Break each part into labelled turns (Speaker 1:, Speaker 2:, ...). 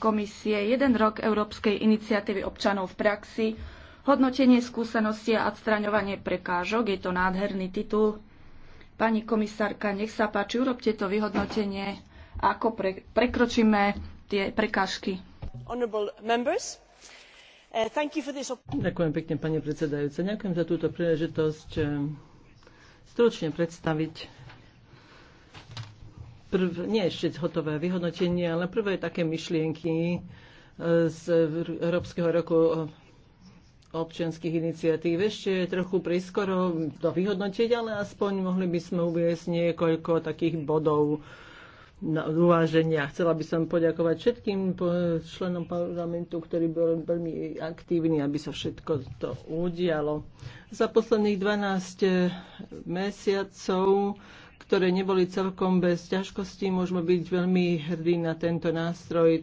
Speaker 1: komisie Jeden rok Európskej iniciatívy občanov v praxi, hodnotenie skúsenosti a odstraňovanie prekážok. Je to nádherný titul. Pani komisárka, nech sa páči, urobte to vyhodnotenie, ako pre, prekročíme tie prekážky.
Speaker 2: Eh, Ďakujem pekne, pani predsedajúca. Ďakujem za túto príležitosť eh, stručne predstaviť prv, nie ešte hotové vyhodnotenie, ale prvé také myšlienky e, z Európskeho roku občianských iniciatív. Ešte je trochu priskoro to vyhodnotiť, ale aspoň mohli by sme uviesť niekoľko takých bodov na uváženia. Chcela by som poďakovať všetkým členom parlamentu, ktorí boli veľmi aktívni, aby sa všetko to udialo. Za posledných 12 e, mesiacov ktoré neboli celkom bez ťažkostí. Môžeme byť veľmi hrdí na tento nástroj e,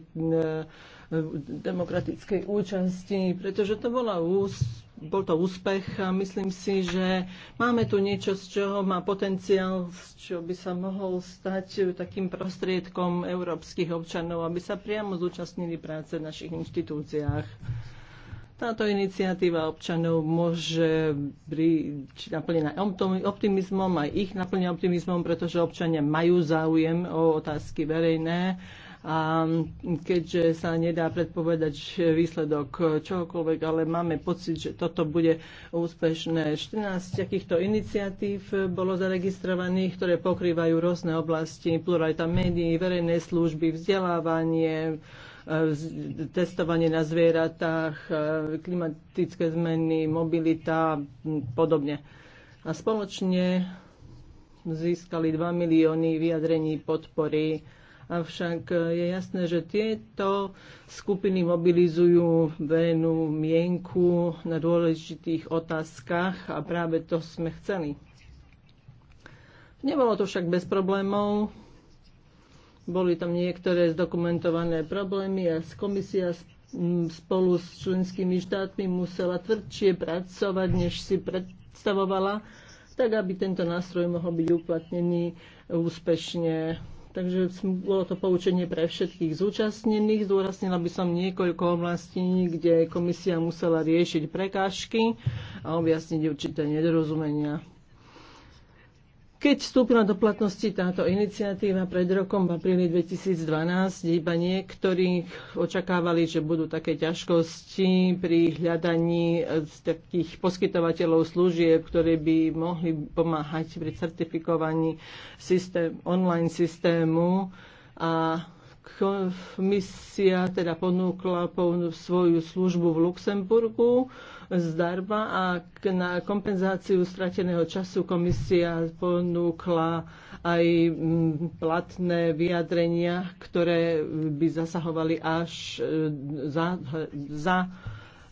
Speaker 2: demokratickej účasti, pretože to bola ús, bol to úspech a myslím si, že máme tu niečo, z čoho má potenciál, z čo by sa mohol stať takým prostriedkom európskych občanov, aby sa priamo zúčastnili práce v našich inštitúciách. Táto iniciatíva občanov môže byť naplnená optimizmom, aj ich naplnená optimizmom, pretože občania majú záujem o otázky verejné a keďže sa nedá predpovedať výsledok čohokoľvek, ale máme pocit, že toto bude úspešné. 14 takýchto iniciatív bolo zaregistrovaných, ktoré pokrývajú rôzne oblasti, pluralita médií, verejné služby, vzdelávanie, testovanie na zvieratách, e, klimatické zmeny, mobilita a podobne. A spoločne získali 2 milióny vyjadrení podpory. Avšak e, je jasné, že tieto skupiny mobilizujú verejnú mienku na dôležitých otázkach a práve to sme chceli. Nebolo to však bez problémov. Boli tam niektoré zdokumentované problémy a komisia spolu s členskými štátmi musela tvrdšie pracovať, než si predstavovala, tak aby tento nástroj mohol byť uplatnený úspešne. Takže bolo to poučenie pre všetkých zúčastnených. Zdôraznila by som niekoľko oblastí, kde komisia musela riešiť prekážky a objasniť určité nedorozumenia. Keď vstúpila do platnosti táto iniciatíva pred rokom v apríli 2012, iba niektorých očakávali, že budú také ťažkosti pri hľadaní eh, takých poskytovateľov služieb, ktorí by mohli pomáhať pri certifikovaní systém, online systému a komisia teda ponúkla svoju službu v Luxemburgu zdarma a na kompenzáciu strateného času komisia ponúkla aj mm, platné vyjadrenia, ktoré by zasahovali až e, za, za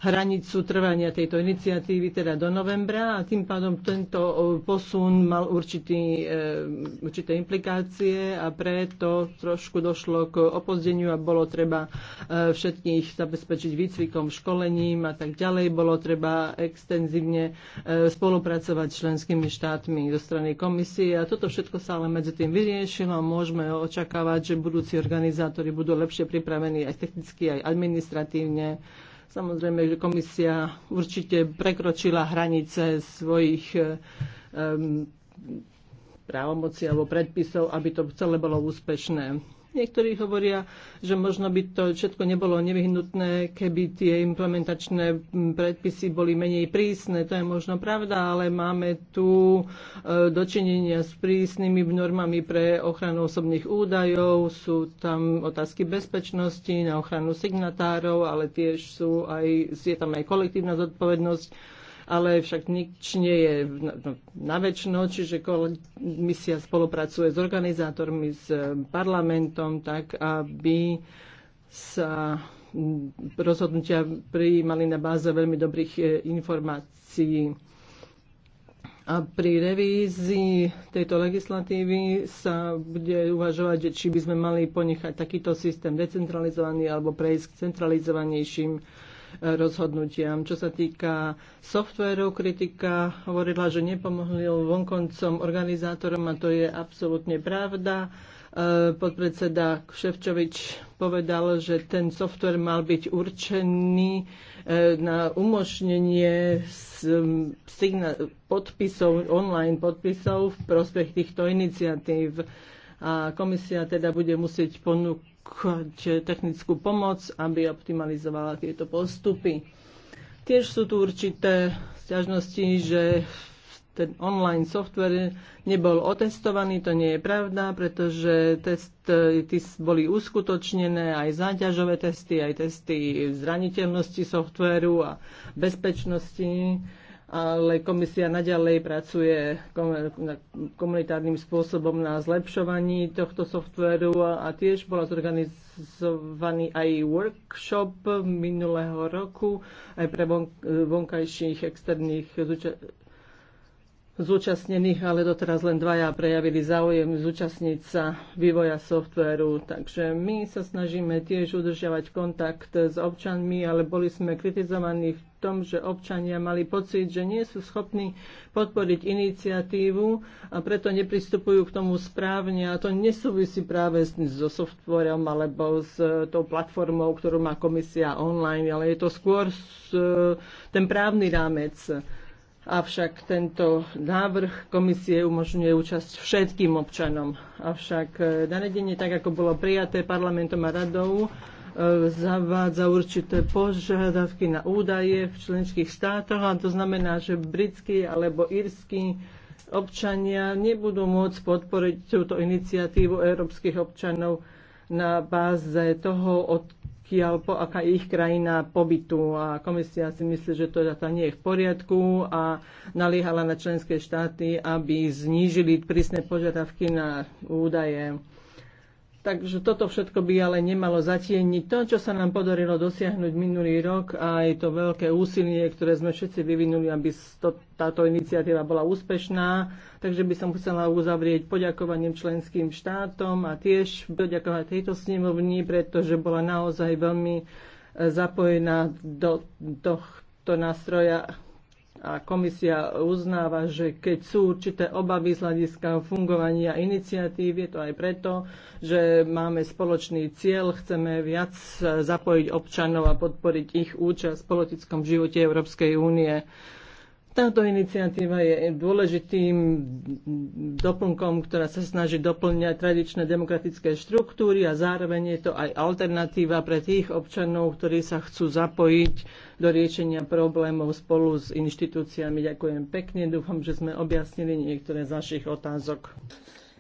Speaker 2: hranicu trvania tejto iniciatívy teda do novembra a tým pádom tento posun mal určitý, e, určité implikácie a preto trošku došlo k opozdeniu a bolo treba e, všetkých zabezpečiť výcvikom, školením a tak ďalej. Bolo treba extenzívne e, spolupracovať s členskými štátmi zo strany komisie a toto všetko sa ale medzi tým vyriešilo a môžeme očakávať, že budúci organizátori budú lepšie pripravení aj technicky, aj administratívne Samozrejme, že komisia určite prekročila hranice svojich um, alebo predpisov, aby to celé bolo úspešné. Niektorí hovoria, že možno by to všetko nebolo nevyhnutné, keby tie implementačné predpisy boli menej prísne. To je možno pravda, ale máme tu e, dočinenia s prísnymi normami pre ochranu osobných údajov. Sú tam otázky bezpečnosti na ochranu signatárov, ale tiež sú aj, je tam aj kolektívna zodpovednosť ale však nič nie je na väčšino, čiže misia spolupracuje s organizátormi, s eh, parlamentom, tak aby sa mm, rozhodnutia prijímali na báze veľmi dobrých eh, informácií. A pri revízii tejto legislatívy sa bude uvažovať, či by sme mali ponechať takýto systém decentralizovaný alebo prejsť k centralizovanejším rozhodnutiam. Čo sa týka softvéru, kritika hovorila, že nepomohli vonkoncom organizátorom a to je absolútne pravda e, podpredseda Kševčovič povedal, že ten software mal byť určený e, na umožnenie podpisov, online podpisov v prospech týchto iniciatív. A komisia teda bude musieť ponúknuť ponúkať technickú pomoc, aby optimalizovala tieto postupy. Tiež sú tu určité sťažnosti, že ten online software nebol otestovaný, to nie je pravda, pretože testy eh, boli uskutočnené, aj záťažové testy, aj testy zraniteľnosti softwaru a bezpečnosti ale komisia naďalej pracuje komunitárnym spôsobom na zlepšovaní tohto softveru a tiež bola zorganizovaný aj workshop minulého roku aj pre vonkajších externých zúčastnených, ale doteraz len dvaja prejavili záujem zúčastniť sa vývoja softvéru. Takže my sa snažíme tiež udržiavať kontakt s občanmi, ale boli sme kritizovaní v tom, že občania mali pocit, že nie sú schopní podporiť iniciatívu a preto nepristupujú k tomu správne a to nesúvisí práve so softvérom alebo s e, tou platformou, ktorú má komisia online, ale je to skôr e, ten právny rámec. Avšak tento návrh komisie umožňuje účasť všetkým občanom. Avšak e, nariadenie, tak ako bolo prijaté parlamentom a radou, e, zavádza určité požiadavky na údaje v členských štátoch a to znamená, že britskí alebo írsky občania nebudú môcť podporiť túto iniciatívu európskych občanov na báze toho, od odkiaľ, po, aká je ich krajina pobytu. A komisia si myslí, že to data nie je v poriadku a naliehala na členské štáty, aby znížili prísne požiadavky na údaje. Takže toto všetko by ale nemalo zatieniť to, čo sa nám podarilo dosiahnuť minulý rok a aj to veľké úsilie, ktoré sme všetci vyvinuli, aby to, táto iniciatíva bola úspešná. Takže by som chcela uzavrieť poďakovaním členským štátom a tiež poďakovať tejto snemovni, pretože bola naozaj veľmi e, zapojená do tohto nástroja a komisia uznáva, že keď sú určité obavy z hľadiska fungovania iniciatív, je to aj preto, že máme spoločný cieľ, chceme viac zapojiť občanov a podporiť ich účasť v politickom živote Európskej únie. Táto iniciatíva je dôležitým doplnkom, ktorá sa snaží doplňať tradičné demokratické štruktúry a zároveň je to aj alternatíva pre tých občanov, ktorí sa chcú zapojiť do riešenia problémov spolu s inštitúciami. Ďakujem pekne, dúfam, že sme objasnili niektoré z vašich otázok.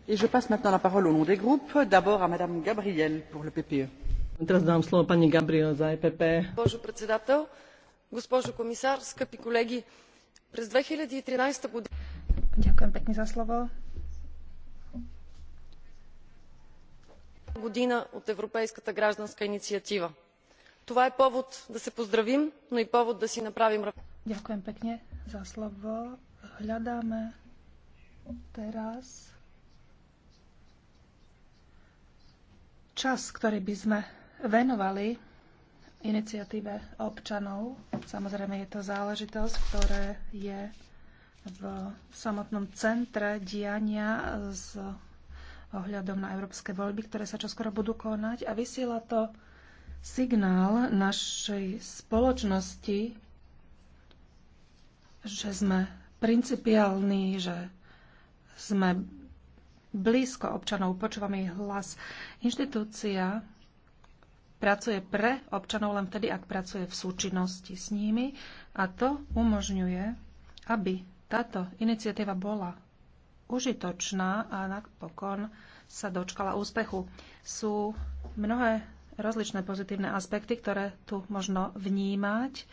Speaker 2: Et je passe maintenant la parole au nom des groupes, d'abord à Madame pour le PPE. Teraz dám slovo pani Gabriel za EPP.
Speaker 1: Gospodžu komisár, госпожо комисар,
Speaker 3: През 2013 година... Ďakujem pekne za slovo.
Speaker 1: Година от Европейската гражданска инициатива. Това е повод да се поздравим, но и повод да си направим...
Speaker 3: Ďakujem pekne za slovo. Hľadáme teraz čas, ktorý by sme venovali iniciatíve občanov. Samozrejme je to záležitosť, ktoré je v samotnom centre diania s ohľadom na európske voľby, ktoré sa čoskoro budú konať a vysiela to signál našej spoločnosti, že sme principiálni, že sme blízko občanov, počúvame ich hlas. Inštitúcia pracuje pre občanov len vtedy, ak pracuje v súčinnosti s nimi a to umožňuje, aby táto iniciatíva bola užitočná a napokon sa dočkala úspechu. Sú mnohé rozličné pozitívne aspekty, ktoré tu možno vnímať.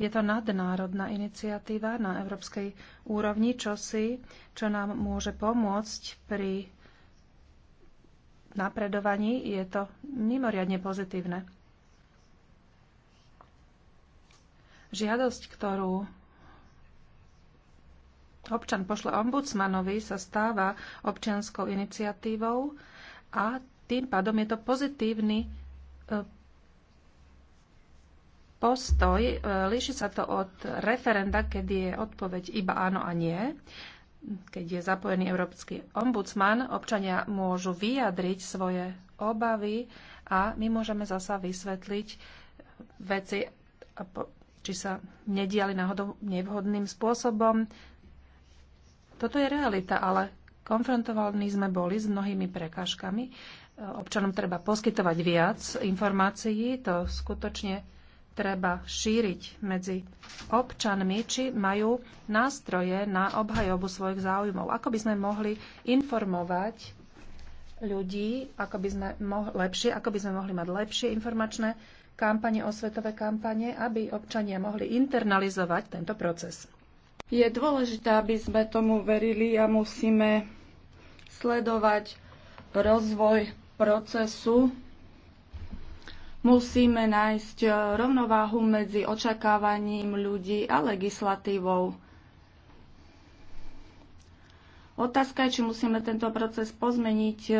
Speaker 3: Je to nadnárodná iniciatíva na európskej úrovni, čo si, čo nám môže pomôcť pri napredovaní, je to mimoriadne pozitívne. Žiadosť, ktorú občan pošle ombudsmanovi, sa stáva občianskou iniciatívou a tým pádom je to pozitívny e, postoj. E, líši sa to od referenda, kedy je odpoveď iba áno a nie keď je zapojený Európsky ombudsman, občania môžu vyjadriť svoje obavy a my môžeme zasa vysvetliť veci, či sa nediali náhodou nevhodným spôsobom. Toto je realita, ale konfrontovaní sme boli s mnohými prekážkami. Občanom treba poskytovať viac informácií, to skutočne treba šíriť medzi občanmi, či majú nástroje na obhajobu svojich záujmov. Ako by sme mohli informovať ľudí, ako by sme mohli, lepšie, ako by sme mohli mať lepšie informačné kampane, osvetové kampane, aby občania mohli internalizovať tento proces. Je dôležité, aby sme tomu verili a musíme sledovať
Speaker 1: rozvoj procesu Musíme nájsť e, rovnováhu medzi očakávaním ľudí a legislatívou. Otázka je, či musíme tento proces pozmeniť. E,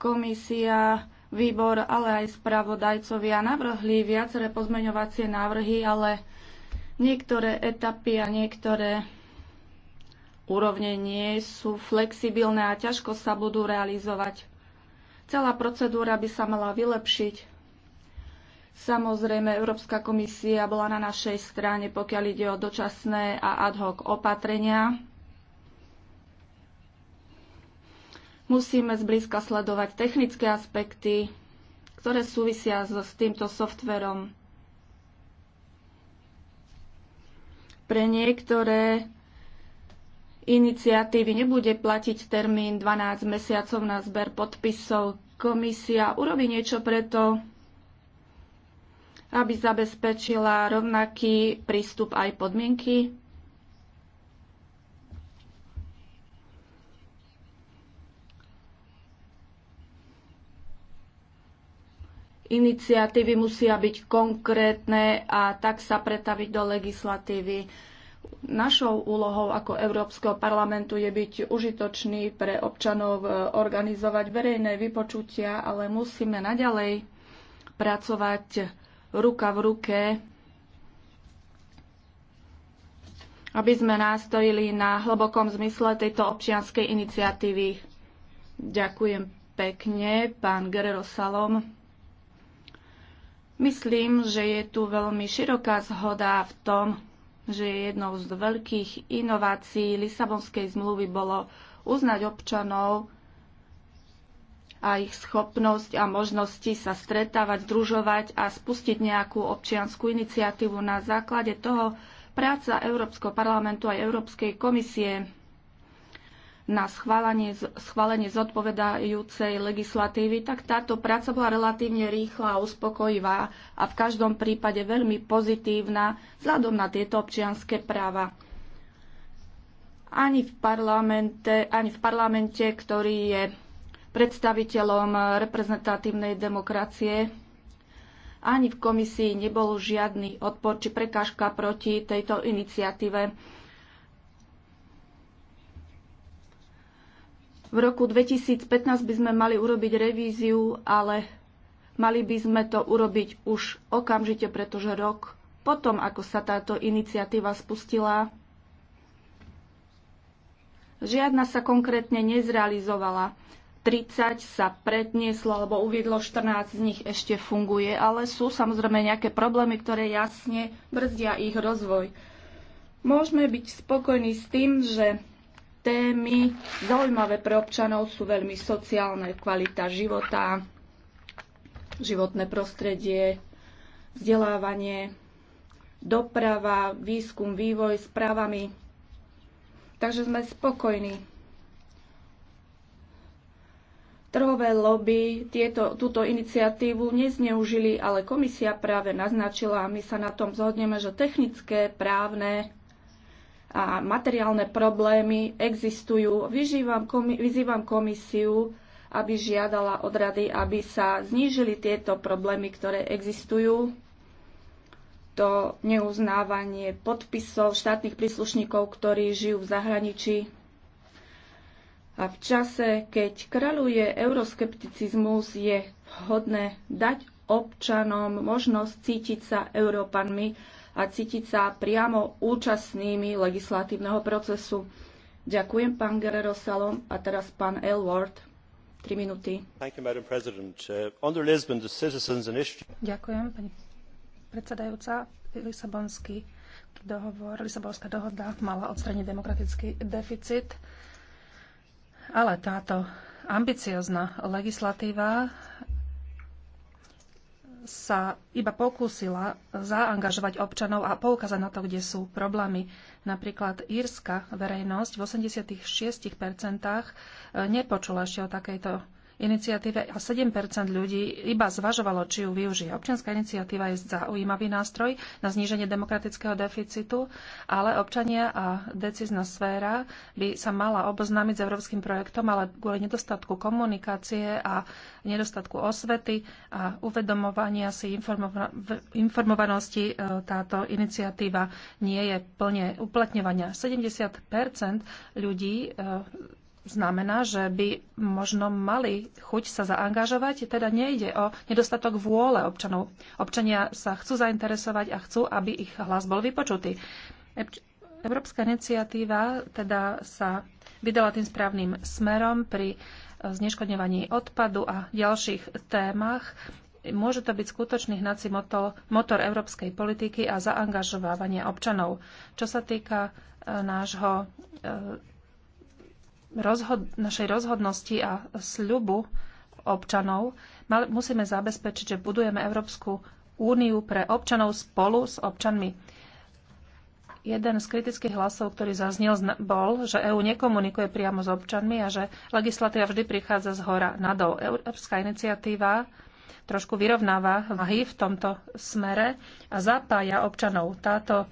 Speaker 1: komisia, výbor, ale aj spravodajcovia navrhli viaceré pozmeňovacie návrhy, ale niektoré etapy a niektoré úrovne nie sú flexibilné a ťažko sa budú realizovať. Celá procedúra by sa mala vylepšiť. Samozrejme, Európska komisia bola na našej strane, pokiaľ ide o dočasné a ad hoc opatrenia. Musíme zblízka sledovať technické aspekty, ktoré súvisia so, s týmto softverom. Pre niektoré iniciatívy nebude platiť termín 12 mesiacov na zber podpisov. Komisia urobí niečo preto, aby zabezpečila rovnaký prístup aj podmienky. Iniciatívy musia byť konkrétne a tak sa pretaviť do legislatívy. Našou úlohou ako Európskeho parlamentu je byť užitočný pre občanov, e, organizovať verejné vypočutia, ale musíme naďalej pracovať ruka v ruke, aby sme nástojili na hlbokom zmysle tejto občianskej iniciatívy. Ďakujem pekne, pán Guerrero Salom. Myslím, že je tu veľmi široká zhoda v tom, že jednou z veľkých inovácií Lisabonskej zmluvy bolo uznať občanov a ich schopnosť a možnosti sa stretávať, združovať a spustiť nejakú občianskú iniciatívu na základe toho práca Európskeho parlamentu aj Európskej komisie na schválenie, schválenie zodpovedajúcej legislatívy, tak táto práca bola relatívne rýchla a uspokojivá a v každom prípade veľmi pozitívna vzhľadom na tieto občianské práva. Ani v parlamente, ani v parlamente ktorý je predstaviteľom reprezentatívnej demokracie, ani v komisii nebol žiadny odpor či prekážka proti tejto iniciatíve V roku 2015 by sme mali urobiť revíziu, ale mali by sme to urobiť už okamžite, pretože rok potom, ako sa táto iniciatíva spustila, žiadna sa konkrétne nezrealizovala. 30 sa prednieslo, alebo uvidlo 14 z nich ešte funguje, ale sú samozrejme nejaké problémy, ktoré jasne brzdia ich rozvoj. Môžeme byť spokojní s tým, že témy zaujímavé pre občanov sú veľmi sociálne, kvalita života, životné prostredie, vzdelávanie, doprava, výskum, vývoj s právami. Takže sme spokojní. Trhové lobby tieto, túto iniciatívu nezneužili, ale komisia práve naznačila, a my sa na tom zhodneme, že technické, právne a materiálne problémy existujú. Vyžívam, komi- vyzývam komisiu, aby žiadala od rady, aby sa znížili tieto problémy, ktoré existujú. To neuznávanie podpisov štátnych príslušníkov, ktorí žijú v zahraničí. A v čase, keď kráľuje euroskepticizmus, je vhodné dať občanom možnosť cítiť sa Európanmi, a cítiť sa priamo účastnými legislatívneho procesu. Ďakujem, pán Guerrero Salom. A
Speaker 3: teraz pán Elward. Tri minúty. Uh, Ďakujem, pani predsedajúca. Lisabonský dohovor, Lisabonská dohoda mala odstraniť demokratický deficit, ale táto ambiciozná legislatíva sa iba pokúsila zaangažovať občanov a poukázať na to, kde sú problémy. Napríklad írska verejnosť v 86% eh, nepočula ešte o takejto iniciatíve a 7 ľudí iba zvažovalo, či ju využije. Občianská iniciatíva je zaujímavý nástroj na zníženie demokratického deficitu, ale občania a decizná sféra by sa mala oboznámiť s európskym projektom, ale kvôli nedostatku komunikácie a nedostatku osvety a uvedomovania si informovanosti e, táto iniciatíva nie je plne uplatňovania. 70 ľudí e, znamená, že by možno mali chuť sa zaangažovať. Teda nejde o nedostatok vôle občanov. Občania sa chcú zainteresovať a chcú, aby ich hlas bol vypočutý. Európska iniciatíva teda sa vydala tým správnym smerom pri e, zneškodňovaní odpadu a ďalších témach. Môže to byť skutočný hnací motor, motor európskej politiky a zaangažovávania občanov. Čo sa týka e, nášho e, rozhod- našej rozhodnosti a sľubu občanov mal- musíme zabezpečiť, že budujeme Európsku úniu pre občanov spolu s občanmi. Jeden z kritických hlasov, ktorý zaznel, bol, že EÚ nekomunikuje priamo s občanmi a že legislatíva vždy prichádza z hora nadol. Európska iniciatíva trošku vyrovnáva váhy v tomto smere a zapája občanov. Táto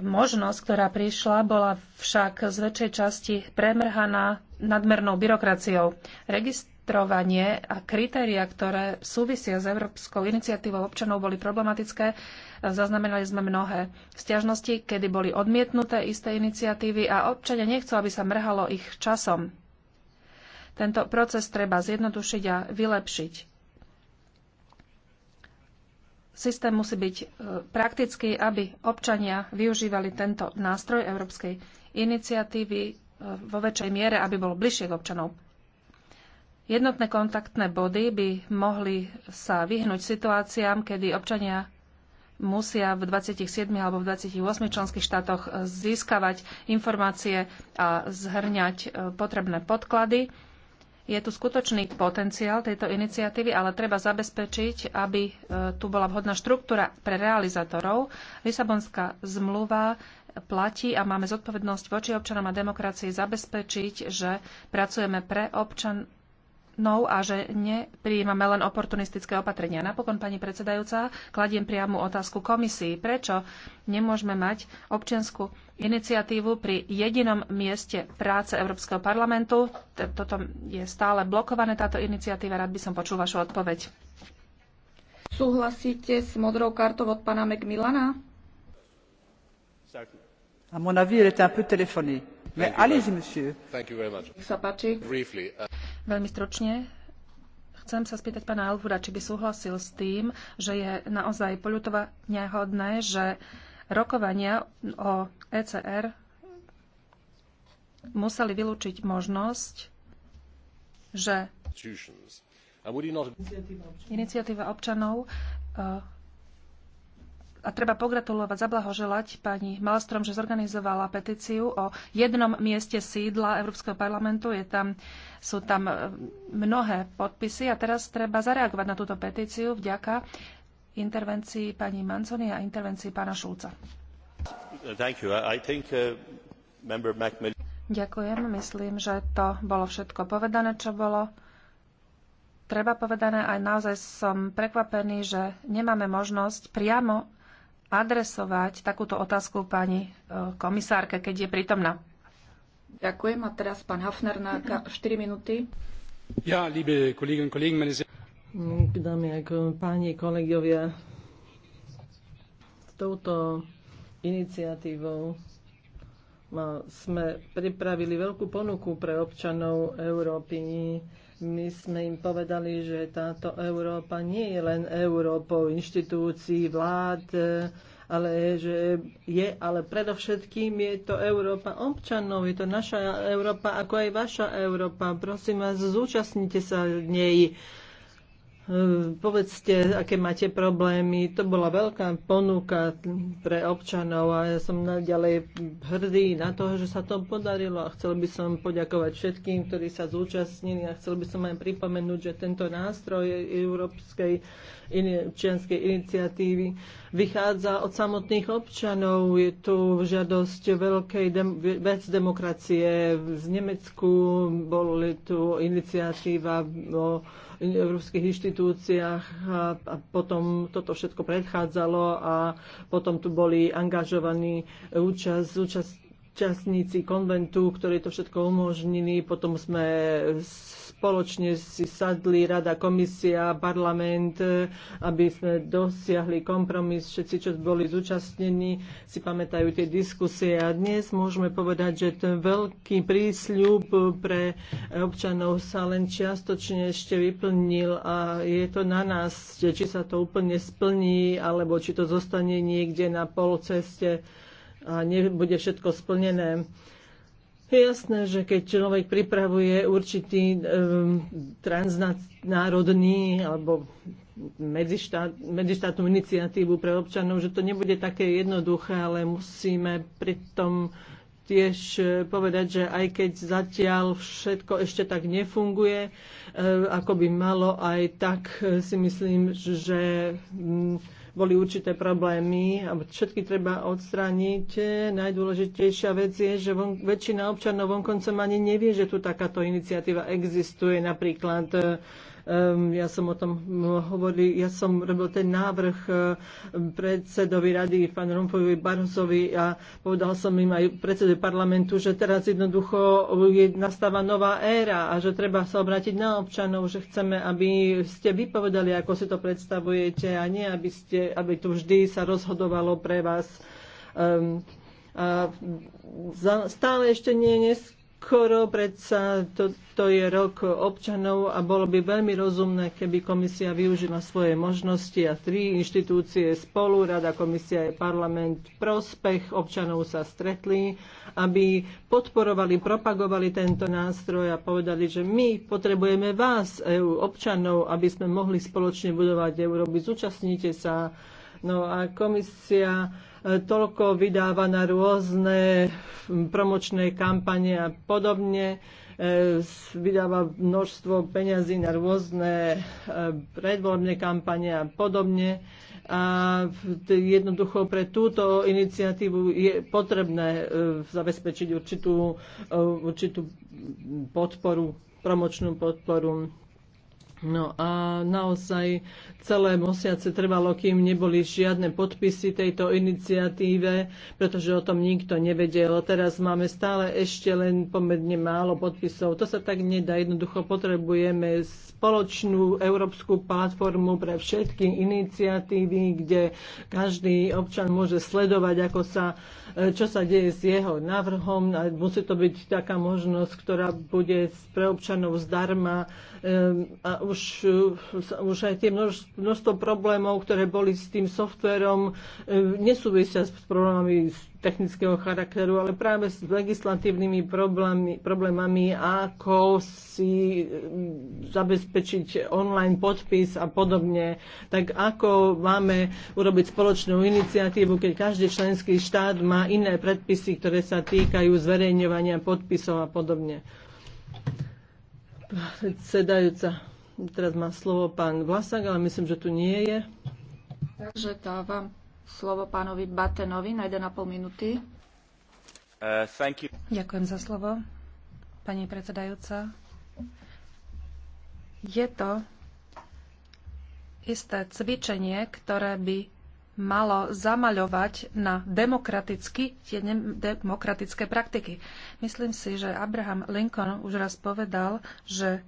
Speaker 3: Možnosť, ktorá prišla, bola však z väčšej časti premrhaná nadmernou byrokraciou. Registrovanie a kritéria, ktoré súvisia s Európskou iniciatívou občanov, boli problematické. Zaznamenali sme mnohé stiažnosti, kedy boli odmietnuté isté iniciatívy a občania nechcú, aby sa mrhalo ich časom. Tento proces treba zjednodušiť a vylepšiť systém musí byť e, praktický, aby občania využívali tento nástroj Európskej iniciatívy e, vo väčšej miere, aby bol bližšie k občanov. Jednotné kontaktné body by mohli sa vyhnúť situáciám, kedy občania musia v 27 alebo v 28 členských štátoch e, získavať informácie a zhrňať potrebné podklady je tu skutočný potenciál tejto iniciatívy, ale treba zabezpečiť, aby e, tu bola vhodná štruktúra pre realizátorov. Lisabonská zmluva platí a máme zodpovednosť voči občanom a demokracii zabezpečiť, že pracujeme pre občan, no a že nepríjmame len oportunistické opatrenia. Napokon, pani predsedajúca, kladiem priamu otázku komisii. Prečo nemôžeme mať občiansku iniciatívu pri jedinom mieste práce Európskeho parlamentu? Toto je stále blokované, táto iniciatíva. Rád by som počul vašu odpoveď.
Speaker 1: Súhlasíte s modrou kartou od
Speaker 3: pána McMillana?
Speaker 2: A mon avis, elle est un peu téléphonée. Uh,
Speaker 3: Veľmi stručne. Chcem sa spýtať pána Alvura, či by súhlasil s tým, že je naozaj poľutovania že rokovania o ECR museli vylúčiť možnosť, že iniciatíva občanov uh, a treba pogratulovať, zablahoželať pani Malstrom, že zorganizovala petíciu o jednom mieste sídla Európskeho parlamentu. Je tam, sú tam e, mnohé podpisy a teraz treba zareagovať na túto petíciu vďaka intervencii pani Manzoni a intervencii pána Šulca. Think, uh, Ďakujem. Myslím, že to bolo všetko povedané, čo bolo treba povedané, aj naozaj som prekvapený, že nemáme možnosť priamo adresovať takúto otázku pani e, komisárke, keď je prítomná. Ďakujem. A teraz pán Hafner na 4
Speaker 2: minúty.
Speaker 1: Ja, liebe Kolleginnen und meine sehr...
Speaker 2: Dámy a páni kolegovia, s touto iniciatívou sme pripravili veľkú ponuku pre občanov Európy my sme im povedali, že táto Európa nie je len Európou inštitúcií, vlád, ale že je, ale predovšetkým je to Európa občanov, je to naša Európa, ako aj vaša Európa. Prosím vás, zúčastnite sa v nej Ehm, povedzte, aké máte problémy. To bola veľká ponuka pre občanov a ja som naďalej hrdý na to, že sa to podarilo a chcel by som poďakovať všetkým, ktorí sa zúčastnili a chcel by som aj pripomenúť, že tento nástroj Európskej občianskej iniciatívy vychádza od samotných občanov. Je tu žiadosť veľkej dem- vec demokracie. v Nemecku boli tu iniciatíva o európskych inštitúciách a, a potom toto všetko predchádzalo a potom tu boli angažovaní účast, účastníci konventu, ktorí to všetko umožnili. Potom sme spoločne si sadli Rada, Komisia, Parlament, e, aby sme dosiahli kompromis. Všetci, čo boli zúčastnení, si pamätajú tie diskusie. A dnes môžeme povedať, že ten veľký prísľub pre občanov sa len čiastočne ešte vyplnil a je to na nás, či sa to úplne splní, alebo či to zostane niekde na polceste a nebude všetko splnené. Je jasné, že keď človek pripravuje určitý um, transnárodný alebo medzištát, medzištátnu iniciatívu pre občanov, že to nebude také jednoduché, ale musíme pritom tiež e, povedať, že aj keď zatiaľ všetko ešte tak nefunguje, e, ako by malo, aj tak e, si myslím, že boli určité problémy a všetky treba odstrániť. Najdôležitejšia vec je, že von, väčšina občanov vonkoncom ani nevie, že tu takáto iniciatíva existuje. Napríklad Ehm, ja som o tom hovoril, ja som robil ten návrh eh, predsedovi rady, pán Rompovi Barzovi a povedal som im aj predsedovi parlamentu, že teraz jednoducho je, nastáva nová éra a že treba sa obrátiť na občanov, že chceme, aby ste vypovedali, ako si to predstavujete a nie, aby, ste, aby tu vždy sa rozhodovalo pre vás. Um, a stále ešte nie je skoro, predsa to, to je rok občanov a bolo by veľmi rozumné, keby komisia využila svoje možnosti a tri inštitúcie spolu, Rada, komisia a parlament, prospech občanov sa stretli, aby podporovali, propagovali tento nástroj a povedali, že my potrebujeme vás, EU, občanov, aby sme mohli spoločne budovať Európy. Zúčastnite sa No a komisia e, toľko vydáva na rôzne promočné kampanie a podobne. E, vydáva množstvo peňazí na rôzne e, predvorné kampanie a podobne. A jednoducho pre túto iniciatívu je potrebné zabezpečiť určitú, určitú podporu, promočnú podporu No a naozaj celé mesiace trvalo, kým neboli žiadne podpisy tejto iniciatíve, pretože o tom nikto nevedel. Teraz máme stále ešte len pomerne málo podpisov. To sa tak nedá. Jednoducho potrebujeme spoločnú európsku platformu pre všetky iniciatívy, kde každý občan môže sledovať, ako sa, e, čo sa deje s jeho návrhom. A musí to byť taká možnosť, ktorá bude pre občanov zdarma. Ehm, a už, e, už aj tie množstvo problémov, ktoré boli s tým softverom, e, nesúvisia s problémami s technického charakteru, ale práve s legislatívnymi problémy, problémami, ako si mm, zabezpečiť online podpis a podobne. Tak ako máme urobiť spoločnú iniciatívu, keď každý členský štát má iné predpisy, ktoré sa týkajú zverejňovania podpisov a podobne. Sedajúca, teraz má slovo pán Vlasák, ale myslím, že tu nie je.
Speaker 1: Takže dávam slovo pánovi Batenovi na 1,5 minúty. Uh,
Speaker 3: Ďakujem za slovo, pani predsedajúca. Je to isté cvičenie, ktoré by malo zamaľovať na demokraticky, tie demokratické praktiky. Myslím si, že Abraham Lincoln už raz povedal, že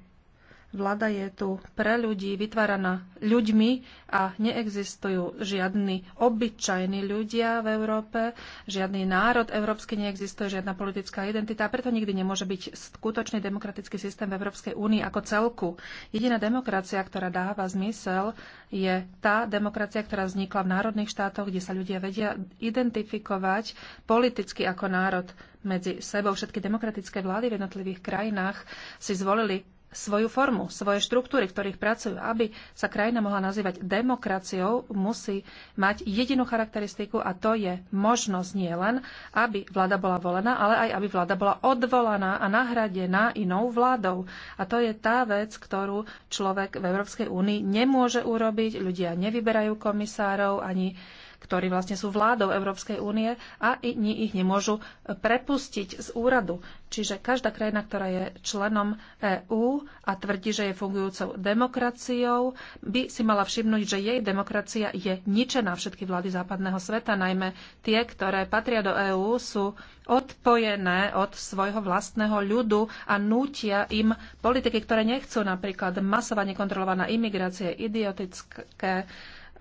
Speaker 3: Vláda je tu pre ľudí, vytváraná ľuďmi a neexistujú žiadni obyčajní ľudia v Európe, žiadny národ európsky neexistuje, žiadna politická identita, preto nikdy nemôže byť skutočný demokratický systém v Európskej únii ako celku. Jediná demokracia, ktorá dáva zmysel, je tá demokracia, ktorá vznikla v národných štátoch, kde sa ľudia vedia identifikovať politicky ako národ medzi sebou. Všetky demokratické vlády v jednotlivých krajinách si zvolili svoju formu, svoje štruktúry, v ktorých pracujú. Aby sa krajina mohla nazývať demokraciou, musí mať jedinú charakteristiku a to je možnosť nie len, aby vláda bola volená, ale aj aby vláda bola odvolaná a nahradená inou vládou. A to je tá vec, ktorú človek v Európskej únii nemôže urobiť. Ľudia nevyberajú komisárov ani ktorí vlastne sú vládou Európskej únie a ani ich nemôžu prepustiť z úradu. Čiže každá krajina, ktorá je členom EÚ a tvrdí, že je fungujúcou demokraciou, by si mala všimnúť, že jej demokracia je ničená. Všetky vlády západného sveta, najmä tie, ktoré patria do EÚ, sú odpojené od svojho vlastného ľudu a nútia im politiky, ktoré nechcú, napríklad masová nekontrolovaná imigrácia, idiotické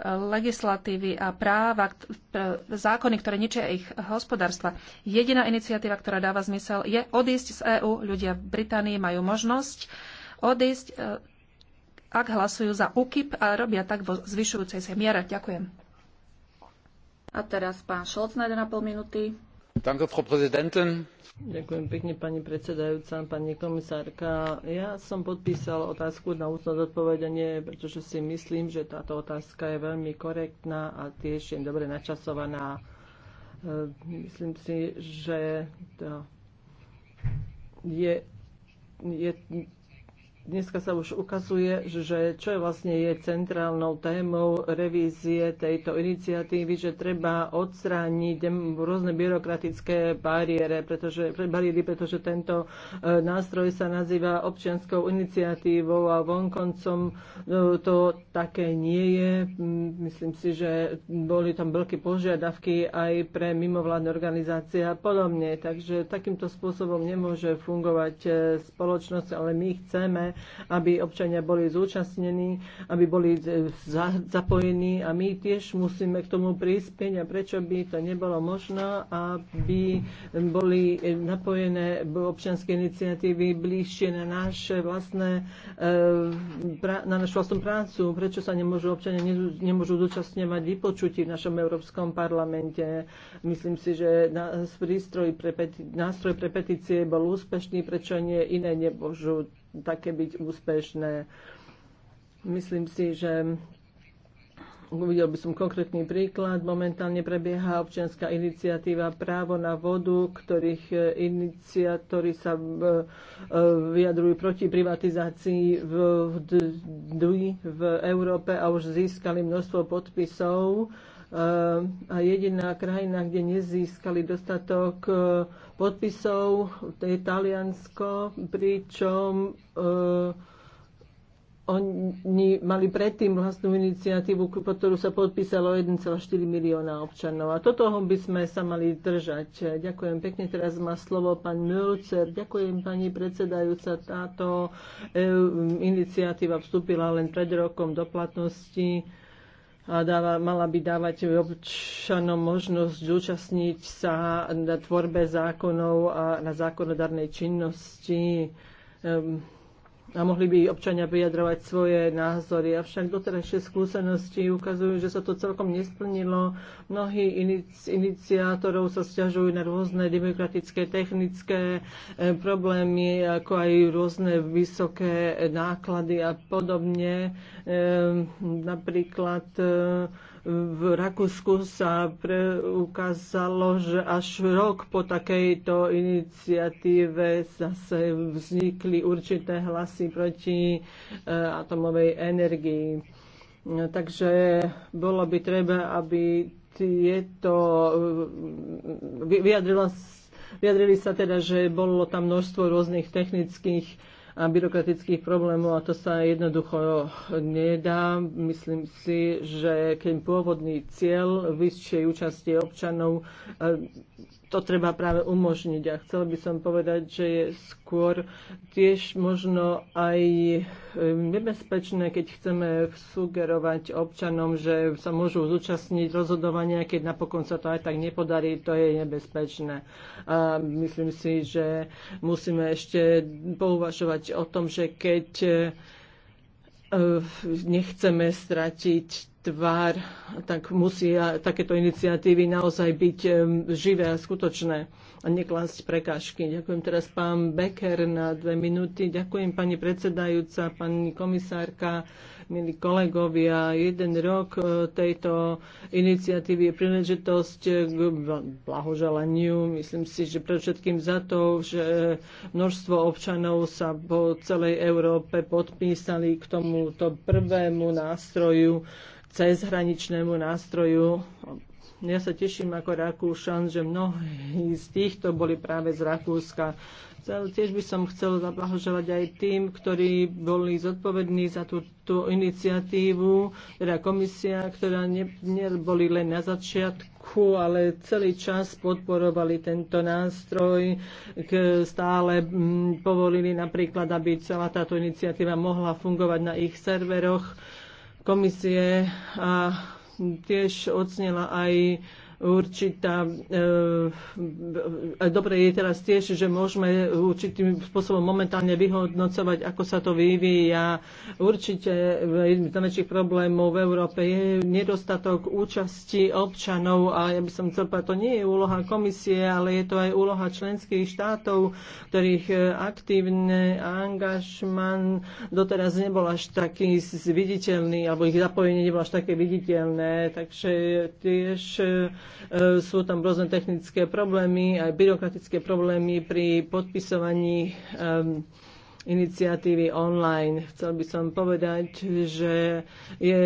Speaker 3: legislatívy a práva, zákony, ktoré ničia ich hospodárstva. Jediná iniciatíva, ktorá dáva zmysel, je odísť z EÚ. Ľudia v Británii majú možnosť odísť, e, ak hlasujú za UKIP a robia tak vo zvyšujúcej sa miere. Ďakujem. A teraz pán Šolc na 1,5 minúty.
Speaker 2: Ďakujem pekne, pani predsedajúca, pani komisárka. Ja som podpísal otázku na ústne zodpovedanie, pretože si myslím, že táto otázka je veľmi korektná a tiež je dobre načasovaná. E, myslím si, že to je, je dneska sa už ukazuje, že čo je vlastne je centrálnou témou revízie tejto iniciatívy, že treba odstrániť rôzne byrokratické bariére, pretože, bariéry, pretože tento e, nástroj sa nazýva občianskou iniciatívou a vonkoncom e, to také nie je. Myslím si, že boli tam veľké požiadavky aj pre mimovládne organizácie a podobne. Takže takýmto spôsobom nemôže fungovať e, spoločnosť, ale my chceme aby občania boli zúčastnení, aby boli zapojení a my tiež musíme k tomu prispieť a prečo by to nebolo možno, aby boli napojené občianske iniciatívy bližšie na naše vlastné e, na našu vlastnú prácu, prečo sa nemôžu občania nemôžu zúčastňovať vypočutí v našom Európskom parlamente. Myslím si, že nástroj pre, nástroj pre petície bol úspešný, prečo nie iné nemôžu také byť úspešné. Myslím si, že Uvidel by som konkrétny príklad. Momentálne prebieha občianská iniciatíva Právo na vodu, ktorých eh, iniciatóri sa eh, eh, vyjadrujú proti privatizácii v, v, v Európe a už získali množstvo podpisov Ehm, a jediná krajina, kde nezískali dostatok e, podpisov, to je Taliansko, pričom e, oni mali predtým vlastnú iniciatívu, pod ktorú sa podpísalo 1,4 milióna občanov. A toto by sme sa mali držať. Ďakujem pekne. Teraz má slovo pán Mölcer. Ďakujem pani predsedajúca. Táto e, iniciatíva vstúpila len pred rokom do platnosti a dáva, mala by dávať občanom možnosť zúčastniť sa na tvorbe zákonov a na zákonodarnej činnosti. Um, a mohli by občania vyjadrovať svoje názory. Avšak doterajšie skúsenosti ukazujú, že sa to celkom nesplnilo. Mnohí iniciátorov sa stiažujú na rôzne demokratické, technické e, problémy, ako aj rôzne vysoké náklady a podobne. E, napríklad e, v Rakúsku sa preukázalo, že až rok po takejto iniciatíve zase vznikli určité hlasy proti eh, atomovej energii. Takže bolo by treba, aby tieto eh, vyjadrila vyjadrili sa teda, že bolo tam množstvo rôznych technických a byrokratických problémov a to sa jednoducho nedá. Myslím si, že keď pôvodný cieľ vyššej účasti občanov e, to treba práve umožniť. A chcel by som povedať, že je skôr tiež možno aj e, nebezpečné, keď chceme sugerovať občanom, že sa môžu zúčastniť rozhodovania, keď napokon sa to aj tak nepodarí, to je nebezpečné. A myslím si, že musíme ešte pouvažovať rozprávať o tom, že keď e, nechceme stratiť tvár, tak musia takéto iniciatívy naozaj byť e, živé a skutočné a neklásť prekážky. Ďakujem teraz pán Becker na dve minúty. Ďakujem pani predsedajúca, pani komisárka, milí kolegovia. Jeden rok e, tejto iniciatívy je príležitosť k blahoželaniu. Myslím si, že všetkým za to, že množstvo občanov sa po celej Európe podpísali k tomuto prvému nástroju, cezhraničnému nástroju ja sa teším ako Rakúšan, že mnohí z týchto boli práve z Rakúska. tiež by som chcel zablahoželať aj tým, ktorí boli zodpovední za tú, tú iniciatívu, teda komisia, ktorá neboli ne len na začiatku, ale celý čas podporovali tento nástroj, k, stále m, mm, povolili napríklad, aby celá táto iniciatíva mohla fungovať na ich serveroch komisie a tiež odznela aj určitá... E, dobre je teraz tiež, že môžeme určitým spôsobom momentálne vyhodnocovať, ako sa to vyvíja. Určite jedným z najväčších problémov v Európe je nedostatok účasti občanov a ja by som chcel to nie je úloha komisie, ale je to aj úloha členských štátov, ktorých e, aktívne angažman doteraz nebol až taký viditeľný, alebo ich zapojenie nebolo až také viditeľné, takže tiež e, E, sú tam rôzne technické problémy, aj byrokratické problémy pri podpisovaní iniciatívy online. Chcel by som povedať, že je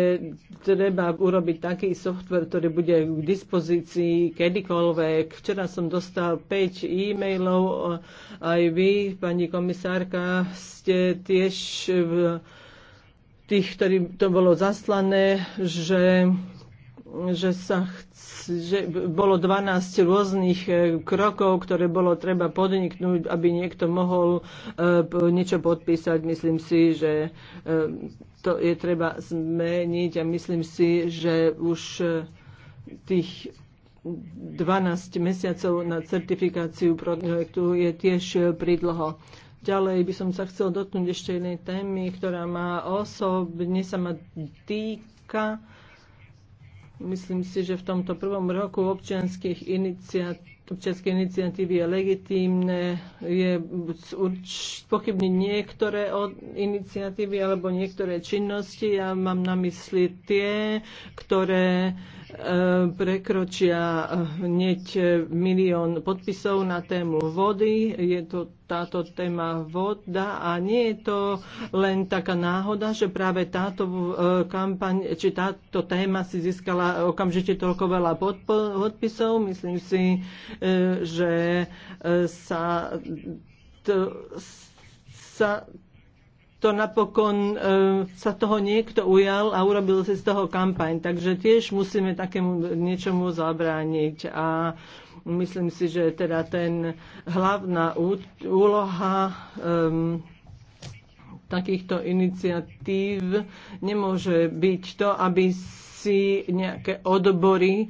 Speaker 2: treba urobiť taký software, ktorý bude k dispozícii kedykoľvek. Včera som dostal 5 e-mailov, aj vy, pani komisárka, ste tiež v tých, ktorým to bolo zaslané, že že, sa že bolo 12 rôznych e, krokov, ktoré bolo treba podniknúť, aby niekto mohol e, niečo podpísať. Myslím si, že e, to je treba zmeniť a myslím si, že už tých 12 mesiacov na certifikáciu projektu je tiež pridlho. Ďalej by som sa chcel dotknúť ešte jednej témy, ktorá má osobne sa ma týka Myslím si, že v tomto prvom roku občianských iniciatív občianské iniciatívy je legitímne, je pochybniť niektoré od iniciatívy alebo niektoré činnosti. Ja mám na mysli tie, ktoré E, prekročia hneď milión podpisov na tému vody. Je to táto téma voda a nie je to len taká náhoda, že práve táto e, kampaň, či táto téma si získala okamžite toľko veľa podpisov. Myslím si, e, že sa, to, sa to napokon e, sa toho niekto ujal a urobil si z toho kampaň. Takže tiež musíme takému niečomu zabrániť. A myslím si, že teda ten hlavná úloha e, takýchto iniciatív nemôže byť to, aby si nejaké odbory e,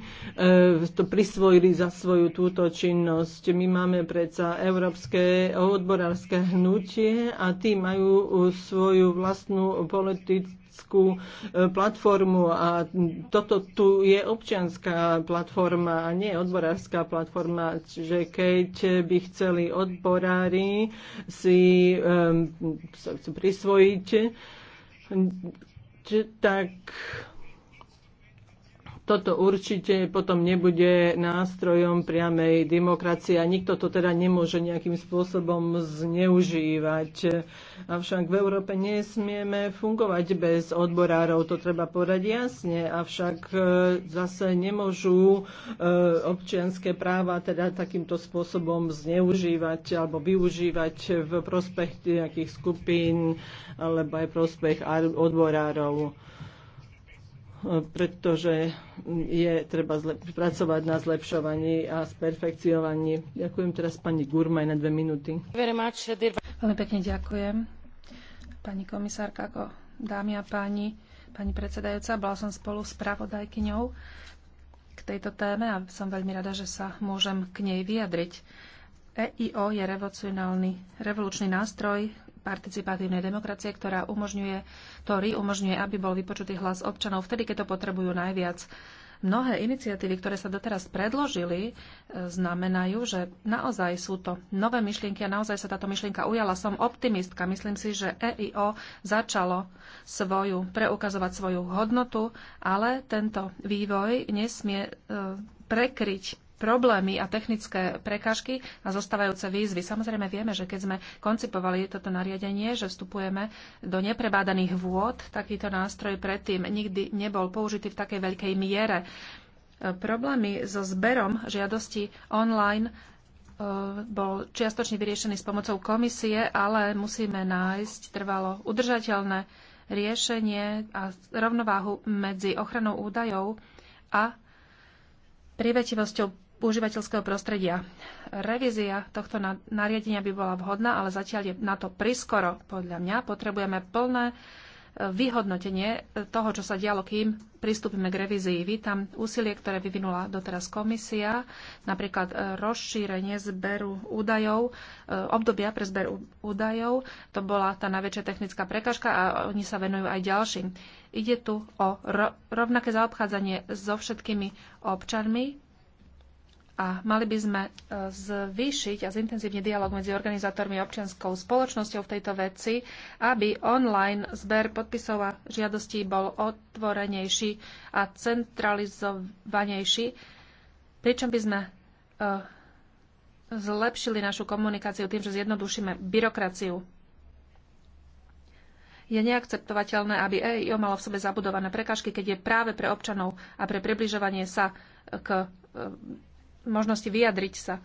Speaker 2: to prisvojili za svoju túto činnosť. My máme predsa Európske odborárske hnutie a tí majú e, svoju vlastnú politickú e, platformu a toto tu je občianská platforma a nie odborárska platforma. Čiže keď by chceli odborári si um, prisvojiť, tak toto určite potom nebude nástrojom priamej demokracie a nikto to teda nemôže nejakým spôsobom zneužívať. Avšak v Európe nesmieme fungovať bez odborárov, to treba povedať jasne, avšak e, zase nemôžu e, občianské práva teda takýmto spôsobom zneužívať alebo využívať v prospech nejakých skupín alebo aj prospech odborárov pretože je treba pracovať na zlepšovaní a sperfekciovaní. Ďakujem teraz pani Gurmaj na dve minúty.
Speaker 3: Veľmi pekne ďakujem. Pani komisárka, ako dámy a páni, pani predsedajúca, bola som spolu s pravodajkyňou k tejto téme a som veľmi rada, že sa môžem k nej vyjadriť. EIO je revolucionálny, revolučný nástroj participatívnej demokracie, ktorá umožňuje, ktorý umožňuje, aby bol vypočutý hlas občanov vtedy, keď to potrebujú najviac. Mnohé iniciatívy, ktoré sa doteraz predložili, e, znamenajú, že naozaj sú to nové myšlienky a naozaj sa táto myšlienka ujala. Som optimistka. Myslím si, že EIO začalo svoju, preukazovať svoju hodnotu, ale tento vývoj nesmie e, prekryť problémy a technické prekážky a zostávajúce výzvy. Samozrejme vieme, že keď sme koncipovali toto nariadenie, že vstupujeme do neprebádaných vôd, takýto nástroj predtým nikdy nebol použitý v takej veľkej miere. E, problémy so zberom žiadosti online e, bol čiastočne vyriešený s pomocou komisie, ale musíme nájsť trvalo udržateľné riešenie a rovnováhu medzi ochranou údajov a privetivosťou Používateľského prostredia. Revízia tohto nariadenia by bola vhodná, ale zatiaľ je na to priskoro, podľa mňa. Potrebujeme plné e, vyhodnotenie e, toho, čo sa dialo, kým pristúpime k revízii. Vítam úsilie, ktoré vyvinula doteraz komisia, napríklad e, rozšírenie zberu údajov, obdobia pre zber údajov. To bola tá najväčšia technická prekažka a oni sa venujú aj ďalším. Ide tu o rovnaké zaobchádzanie so všetkými občanmi, a mali by sme e, zvýšiť a zintenzívne dialog medzi organizátormi a občianskou spoločnosťou v tejto veci, aby online zber podpisov a žiadostí bol otvorenejší a centralizovanejší, pričom by sme e, zlepšili našu komunikáciu tým, že zjednodušíme byrokraciu. Je neakceptovateľné, aby EIO malo v sebe zabudované prekažky, keď je práve pre občanov a pre približovanie sa k e, možnosti vyjadriť sa.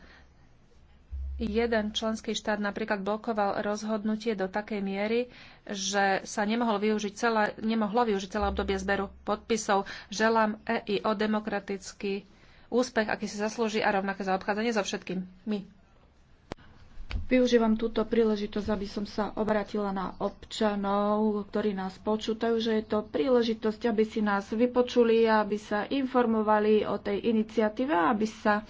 Speaker 3: Jeden členský štát napríklad blokoval rozhodnutie do takej miery, že sa nemohol využiť celé, nemohlo využiť celé obdobie zberu podpisov. Želám EIO o demokratický úspech, aký si zaslúži a rovnaké zaobchádzanie so všetkým.
Speaker 1: My. Využívam túto príležitosť, aby som sa obratila na občanov, ktorí nás počútajú, že je to príležitosť, aby si nás vypočuli, aby sa informovali o tej iniciatíve, aby sa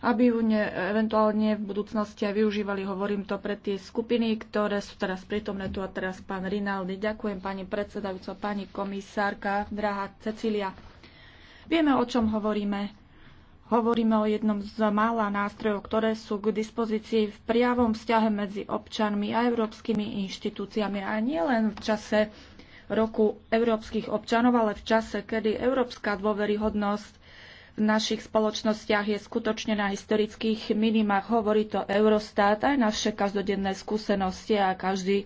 Speaker 1: aby ju ne, eventuálne v budúcnosti aj využívali. Hovorím to pre tie skupiny, ktoré sú teraz prítomné tu a teraz pán Rinaldi. Ďakujem pani predsedajúca, pani komisárka, drahá Cecília. Vieme, o čom hovoríme. Hovoríme o jednom z mála nástrojov, ktoré sú k dispozícii v priavom vzťahe medzi občanmi a európskymi inštitúciami. A nie len v čase roku európskych občanov, ale v čase, kedy európska dôveryhodnosť v našich spoločnostiach je skutočne na historických minimách. Hovorí to Eurostat, aj naše každodenné skúsenosti a každý e,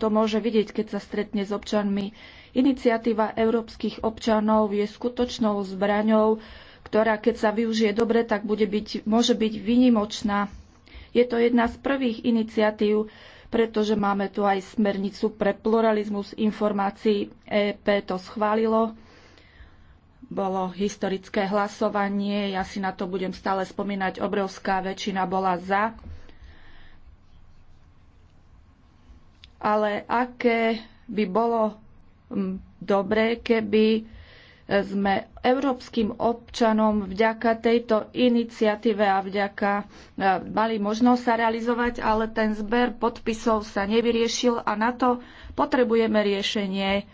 Speaker 1: to môže vidieť, keď sa stretne s občanmi. Iniciatíva európskych občanov je skutočnou zbraňou, ktorá keď sa využije dobre, tak bude byť, môže byť výnimočná. Je to jedna z prvých iniciatív, pretože máme tu aj smernicu pre pluralizmus informácií. EP to schválilo. Bolo historické hlasovanie, ja si na to budem stále spomínať, obrovská väčšina bola za. Ale aké by bolo dobre, keby sme európskym občanom vďaka tejto iniciatíve a vďaka e, mali možnosť sa realizovať, ale ten zber podpisov sa nevyriešil a na to potrebujeme riešenie,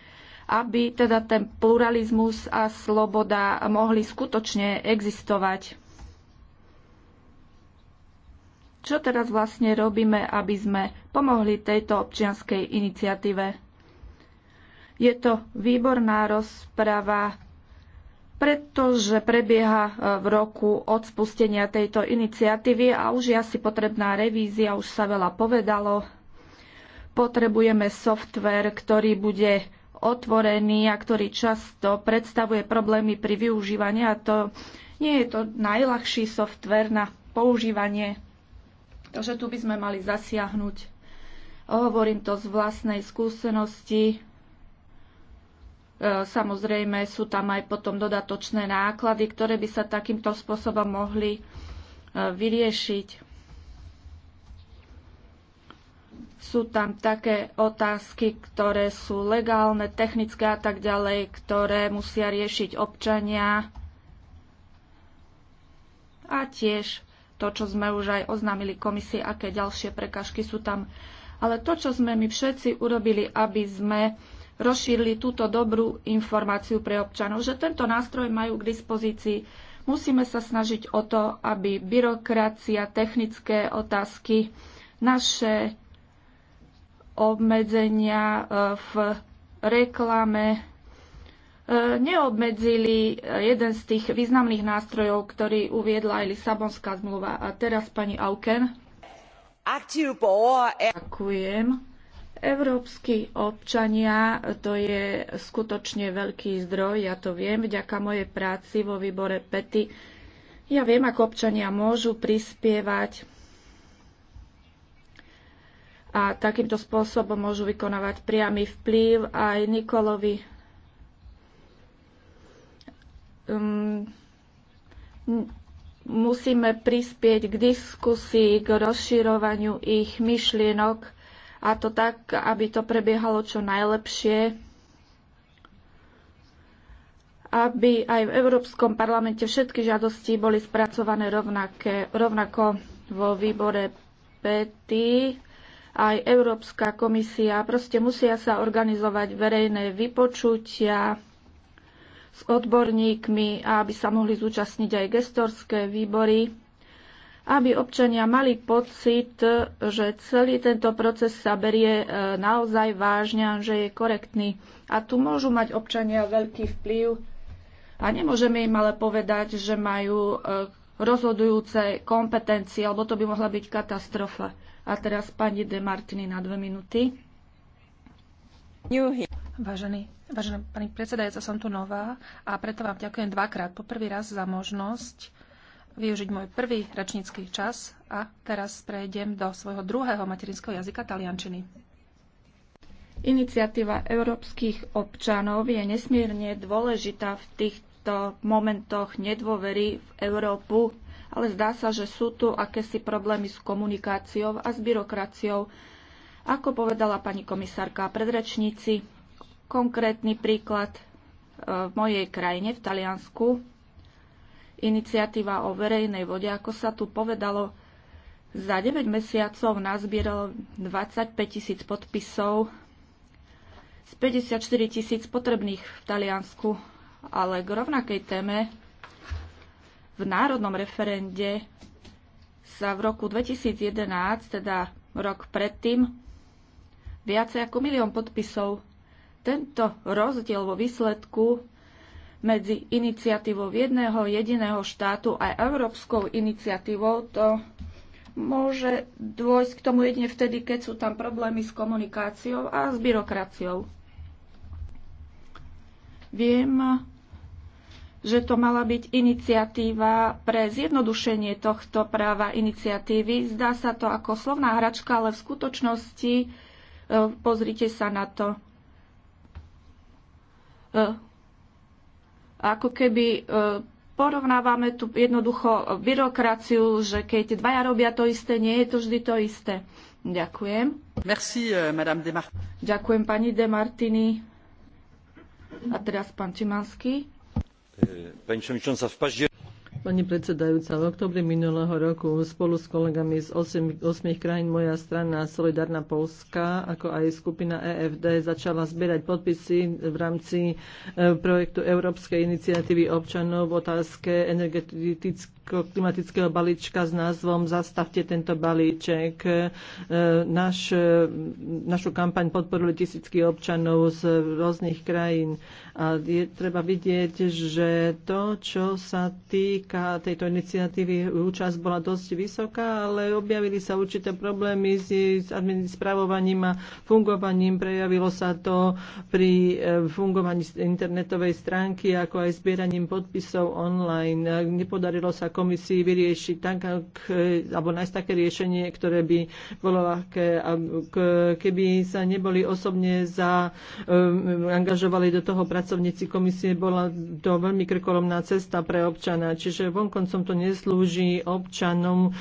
Speaker 1: aby teda ten pluralizmus a sloboda mohli skutočne existovať. Čo teraz vlastne robíme, aby sme pomohli tejto občianskej iniciatíve? Je to výborná rozprava, pretože prebieha e, v roku od spustenia tejto iniciatívy a už je asi potrebná revízia, už sa veľa povedalo. Potrebujeme software, ktorý bude otvorený a ktorý často predstavuje problémy pri využívaní a to nie je to najľahší software na používanie. Takže tu by sme mali zasiahnuť. Hovorím to z vlastnej skúsenosti. E, samozrejme sú tam aj potom dodatočné náklady, ktoré by sa takýmto spôsobom mohli e, vyriešiť. Sú tam také otázky, ktoré sú legálne, technické a tak ďalej, ktoré musia riešiť občania. A tiež to, čo sme už aj oznámili komisii, aké ďalšie prekažky sú tam. Ale to, čo sme my všetci urobili, aby sme rozšírili túto dobrú informáciu pre občanov, že tento nástroj majú k dispozícii. Musíme sa snažiť o to, aby byrokracia, technické otázky, naše obmedzenia e, v reklame e, neobmedzili e, jeden z tých významných nástrojov, ktorý uviedla aj Lisabonská zmluva. A teraz pani Auken. Ďakujem Európsky občania, to je skutočne veľký zdroj, ja to viem, vďaka mojej práci vo výbore PETI. Ja viem, ako občania môžu prispievať a takýmto spôsobom môžu vykonávať priamy vplyv aj Nikolovi. Um, musíme prispieť k diskusii, k rozširovaniu ich myšlienok, a to tak, aby to prebiehalo čo najlepšie, aby aj v Európskom parlamente všetky žiadosti boli spracované rovnaké, rovnako vo výbore PETI aj Európska komisia. Proste musia sa organizovať verejné vypočutia s odborníkmi, aby sa mohli zúčastniť aj gestorské výbory aby občania mali pocit, že celý tento proces sa berie e, naozaj vážne a že je korektný. A tu môžu mať občania veľký vplyv a nemôžeme im ale povedať, že majú e, rozhodujúce kompetencie, alebo to by mohla byť katastrofa. A teraz pani De Martini na dve minúty.
Speaker 3: Vážený, vážená pani predsedajúca, som tu nová a preto vám ďakujem dvakrát. Po prvý raz za možnosť využiť môj prvý rečnícky čas a teraz prejdem do svojho druhého materinského jazyka taliančiny.
Speaker 1: Iniciatíva európskych občanov je nesmierne dôležitá v týchto momentoch nedôvery v Európu, ale zdá sa, že sú tu akési problémy s komunikáciou a s byrokraciou. Ako povedala pani komisárka predrečníci, konkrétny príklad e, v mojej krajine, v Taliansku, iniciatíva o verejnej vode, ako sa tu povedalo, za 9 mesiacov nazbieralo 25 tisíc podpisov z 54 tisíc potrebných v Taliansku, ale k rovnakej téme v národnom referende sa v roku 2011, teda rok predtým, viacej ako milión podpisov. Tento rozdiel vo výsledku medzi iniciatívou jedného jediného štátu a európskou iniciatívou, to môže dôjsť k tomu jedine vtedy, keď sú tam problémy s komunikáciou a s byrokraciou. Viem, že to mala byť iniciatíva pre zjednodušenie tohto práva iniciatívy. Zdá sa to ako slovná hračka, ale v skutočnosti e, pozrite sa na to e, ako keby e, porovnávame tu jednoducho byrokraciu, že keď dvaja robia to isté, nie je to vždy to isté. Ďakujem.
Speaker 2: Merci, e, madame Demar-
Speaker 1: Ďakujem pani Demartini. A teraz pán Čimanský. E, pani przewodnicząca, w
Speaker 2: Pani predsedajúca, v oktobri minulého roku spolu s kolegami z 8, 8 krajín moja strana Solidárna Polska, ako aj skupina EFD, začala zbierať podpisy v rámci e, projektu Európskej iniciatívy občanov v otázke energeticko-klimatického balíčka s názvom Zastavte tento balíček. E, naš, e, našu kampaň podporili tisícky občanov z rôznych krajín. A je treba vidieť, že to, čo sa týka vďaka tejto iniciatívy účasť bola dosť vysoká, ale objavili sa určité problémy s, s spravovaním a fungovaním. Prejavilo sa to pri eh, fungovaní internetovej stránky, ako aj zbieraním podpisov online. Nepodarilo sa komisii vyriešiť tak, eh, alebo nájsť také riešenie, ktoré by bolo ľahké, keby sa neboli osobne za, um, angažovali do toho pracovníci komisie, bola to veľmi krkolomná cesta pre občana. Čiže že vonkoncom to neslúži občanom.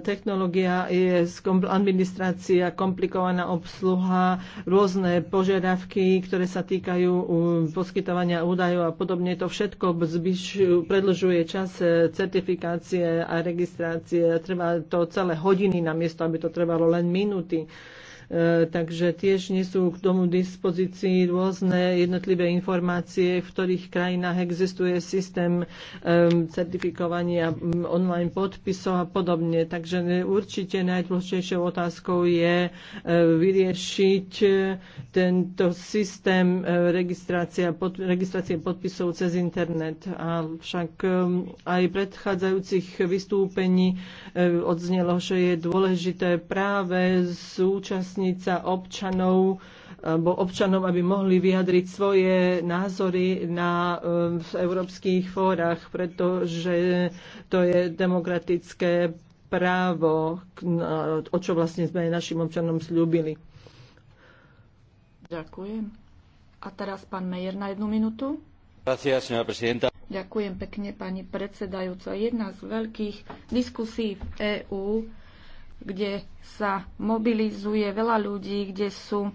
Speaker 2: Technológia je administrácia, komplikovaná obsluha, rôzne požiadavky, ktoré sa týkajú poskytovania údajov a podobne. To všetko predlžuje čas e, certifikácie a registrácie. Trvá to celé hodiny namiesto, aby to trvalo len minúty. E, takže tiež nie sú k tomu dispozícii rôzne jednotlivé informácie, v ktorých krajinách existuje systém e, certifikovania online podpisov a podobne. Takže určite najdôležitejšou otázkou je e, vyriešiť tento systém registrácie, pod, registrácie podpisov cez internet. A však aj predchádzajúcich vystúpení odznelo, že je dôležité práve zúčastniť nemocnica občanov občanom, aby mohli vyjadriť svoje názory na v európskych fórach, pretože to je demokratické právo, o čo vlastne sme našim občanom slúbili.
Speaker 1: Ďakujem. A teraz pán Mejer na jednu minútu.
Speaker 2: Ďakujem
Speaker 1: pekne, pani predsedajúca. Jedna z veľkých diskusí v EÚ kde sa mobilizuje veľa ľudí, kde sú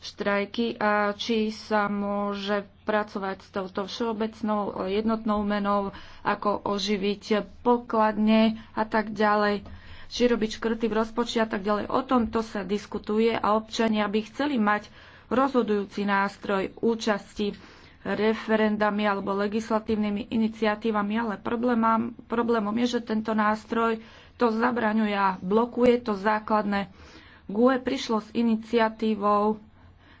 Speaker 1: štrajky a či sa môže pracovať s touto všeobecnou jednotnou menou, ako oživiť pokladne a tak ďalej či robiť škrty v rozpočte a tak ďalej. O tomto sa diskutuje a občania by chceli mať rozhodujúci nástroj účasti referendami alebo legislatívnymi iniciatívami, ale problémom, problémom je, že tento nástroj to zabraňuje a blokuje to základné. GUE prišlo s iniciatívou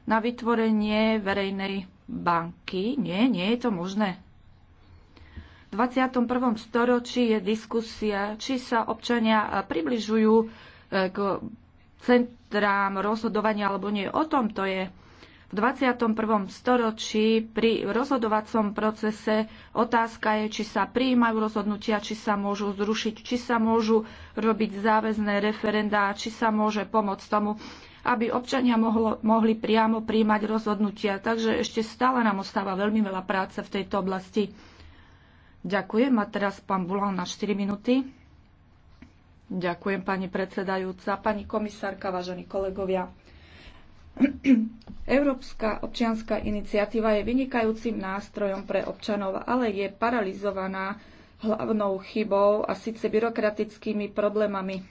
Speaker 1: na vytvorenie verejnej banky. Nie, nie je to možné. V 21. storočí je diskusia, či sa občania približujú eh, k centrám rozhodovania alebo nie. O tom to je. V 21. storočí pri rozhodovacom procese otázka je, či sa prijímajú rozhodnutia, či sa môžu zrušiť, či sa môžu robiť záväzné referendá, či sa môže pomôcť tomu, aby občania mohlo, mohli priamo príjmať rozhodnutia. Takže ešte stále nám ostáva veľmi veľa práce v tejto oblasti. Ďakujem. A teraz pán Bulán na 4 minúty. Ďakujem, pani predsedajúca, pani komisárka, vážení kolegovia. Európska občianská iniciatíva je vynikajúcim nástrojom pre občanov, ale je paralizovaná hlavnou chybou a síce byrokratickými problémami.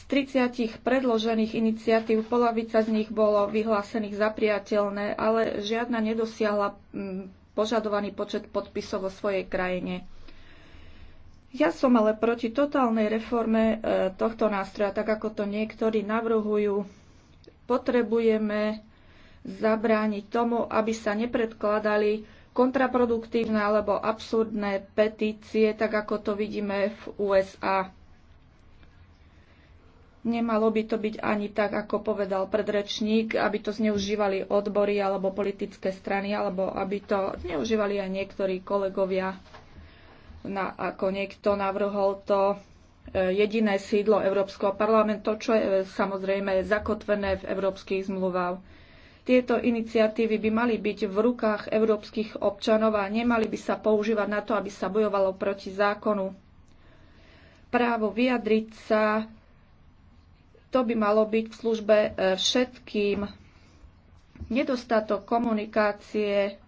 Speaker 1: Z 30 predložených iniciatív polovica z nich bolo vyhlásených za priateľné, ale žiadna nedosiahla mm, požadovaný počet podpisov vo svojej krajine. Ja som ale proti totálnej reforme e, tohto nástroja, tak ako to niektorí navrhujú Potrebujeme zabrániť tomu, aby sa nepredkladali kontraproduktívne alebo absurdné petície, tak ako to vidíme v USA. Nemalo by to byť ani tak, ako povedal predrečník, aby to zneužívali odbory alebo politické strany, alebo aby to zneužívali aj niektorí kolegovia. Na, ako niekto navrhol to E, jediné sídlo Európskeho parlamentu, čo je e, samozrejme zakotvené v európskych zmluvách. Tieto iniciatívy by mali byť v rukách európskych občanov a nemali by sa používať na to, aby sa bojovalo proti zákonu. Právo vyjadriť sa, to by malo byť v službe e, všetkým. Nedostatok komunikácie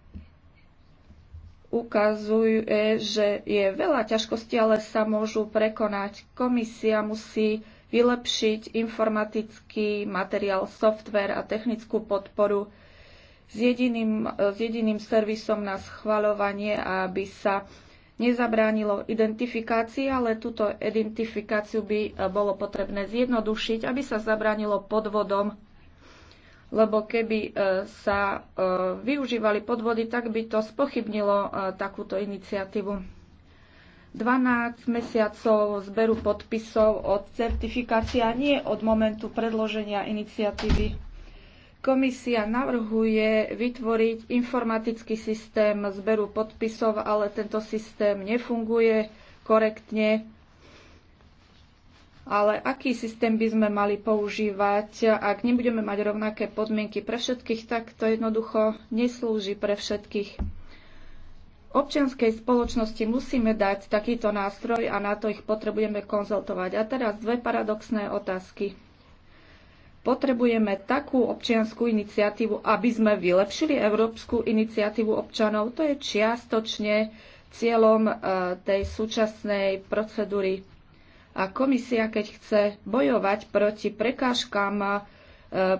Speaker 1: ukazuje, že je veľa ťažkostí, ale sa môžu prekonať. Komisia musí vylepšiť informatický materiál, software a technickú podporu s jediným, s jediným servisom na schvaľovanie, aby sa nezabránilo identifikácii, ale túto identifikáciu by bolo potrebné zjednodušiť, aby sa zabránilo podvodom lebo keby e, sa e, využívali podvody, tak by to spochybnilo e, takúto iniciatívu. 12 mesiacov zberu podpisov od certifikácia, nie od momentu predloženia iniciatívy. Komisia navrhuje vytvoriť informatický systém zberu podpisov, ale tento systém nefunguje korektne ale aký systém by sme mali používať, ak nebudeme mať rovnaké podmienky pre všetkých, tak to jednoducho neslúži pre všetkých. Občianskej spoločnosti musíme dať takýto nástroj a na to ich potrebujeme konzultovať. A teraz dve paradoxné otázky. Potrebujeme takú občianskú iniciatívu, aby sme vylepšili európsku iniciatívu občanov. To je čiastočne cieľom eh, tej súčasnej procedúry a komisia, keď chce bojovať proti prekážkám e,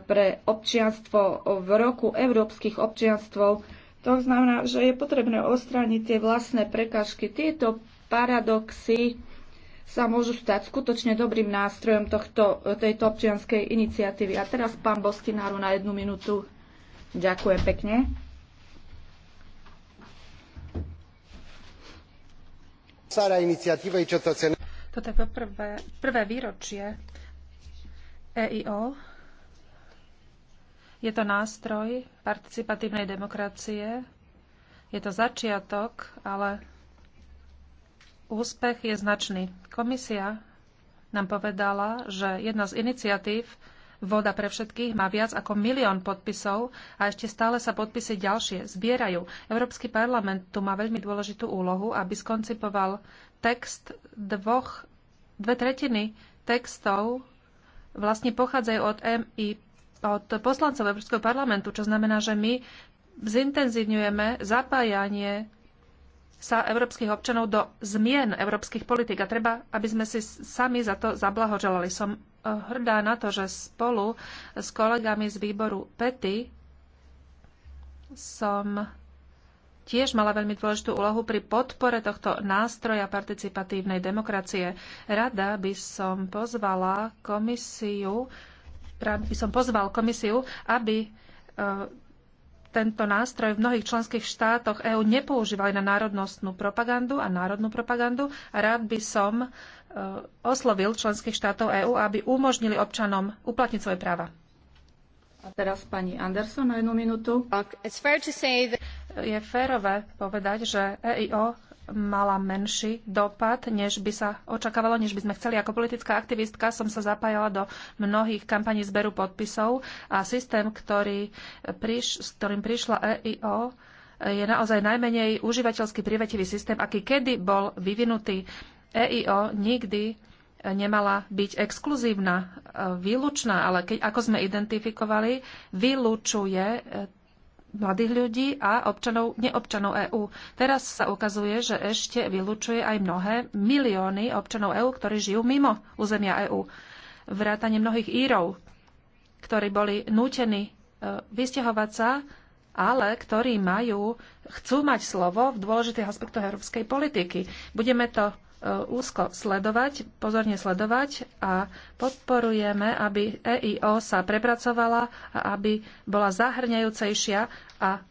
Speaker 1: pre občianstvo v roku európskych občianstvov, to znamená, že je potrebné ostrániť tie vlastné prekážky. Tieto paradoxy sa môžu stať skutočne dobrým nástrojom tohto, tejto občianskej iniciatívy. A teraz pán Bostináru na jednu minútu. Ďakujem pekne.
Speaker 3: čo to cetățenești toto je poprvé, prvé výročie EIO. Je to nástroj participatívnej demokracie. Je to začiatok, ale úspech je značný. Komisia nám povedala, že jedna z iniciatív Voda pre všetkých má viac ako milión podpisov a ešte stále sa podpisy ďalšie zbierajú. Európsky parlament tu má veľmi dôležitú úlohu, aby skoncipoval text dvoch, dve tretiny textov vlastne pochádzajú od MI, od poslancov Európskeho parlamentu, čo znamená, že my zintenzívňujeme zapájanie sa európskych občanov do zmien európskych politik a treba, aby sme si sami za to zablahoželali. Som eh, hrdá na to, že spolu s kolegami z výboru PETI som tiež mala veľmi dôležitú úlohu pri podpore tohto nástroja participatívnej demokracie. Rada by som pozvala komisiu, rád by som pozval komisiu, aby e, tento nástroj v mnohých členských štátoch EÚ nepoužívali na národnostnú propagandu a národnú propagandu a rád by som e, oslovil členských štátov EÚ, aby umožnili občanom uplatniť svoje práva teraz pani Anderson na jednu minútu. Je férové povedať, že EIO mala menší dopad, než by sa očakávalo, než by sme chceli. Ako politická aktivistka som sa zapájala do mnohých kampaní zberu podpisov a systém, ktorý priš, s ktorým prišla EIO, je naozaj najmenej užívateľský privetivý systém, aký kedy bol vyvinutý. EIO nikdy nemala byť exkluzívna, e, výlučná, ale keď, ako sme identifikovali, vylúčuje e, mladých ľudí a občanov, neobčanov EÚ. Teraz sa ukazuje, že ešte vylúčuje aj mnohé milióny občanov EÚ, ktorí žijú mimo územia EÚ. Vrátanie mnohých Írov, ktorí boli nútení e, vysťahovať sa, ale ktorí majú, chcú mať slovo v dôležitých aspektoch európskej politiky. Budeme to úzko sledovať, pozorne sledovať a podporujeme, aby EIO sa prepracovala a aby bola zahrňajúcejšia a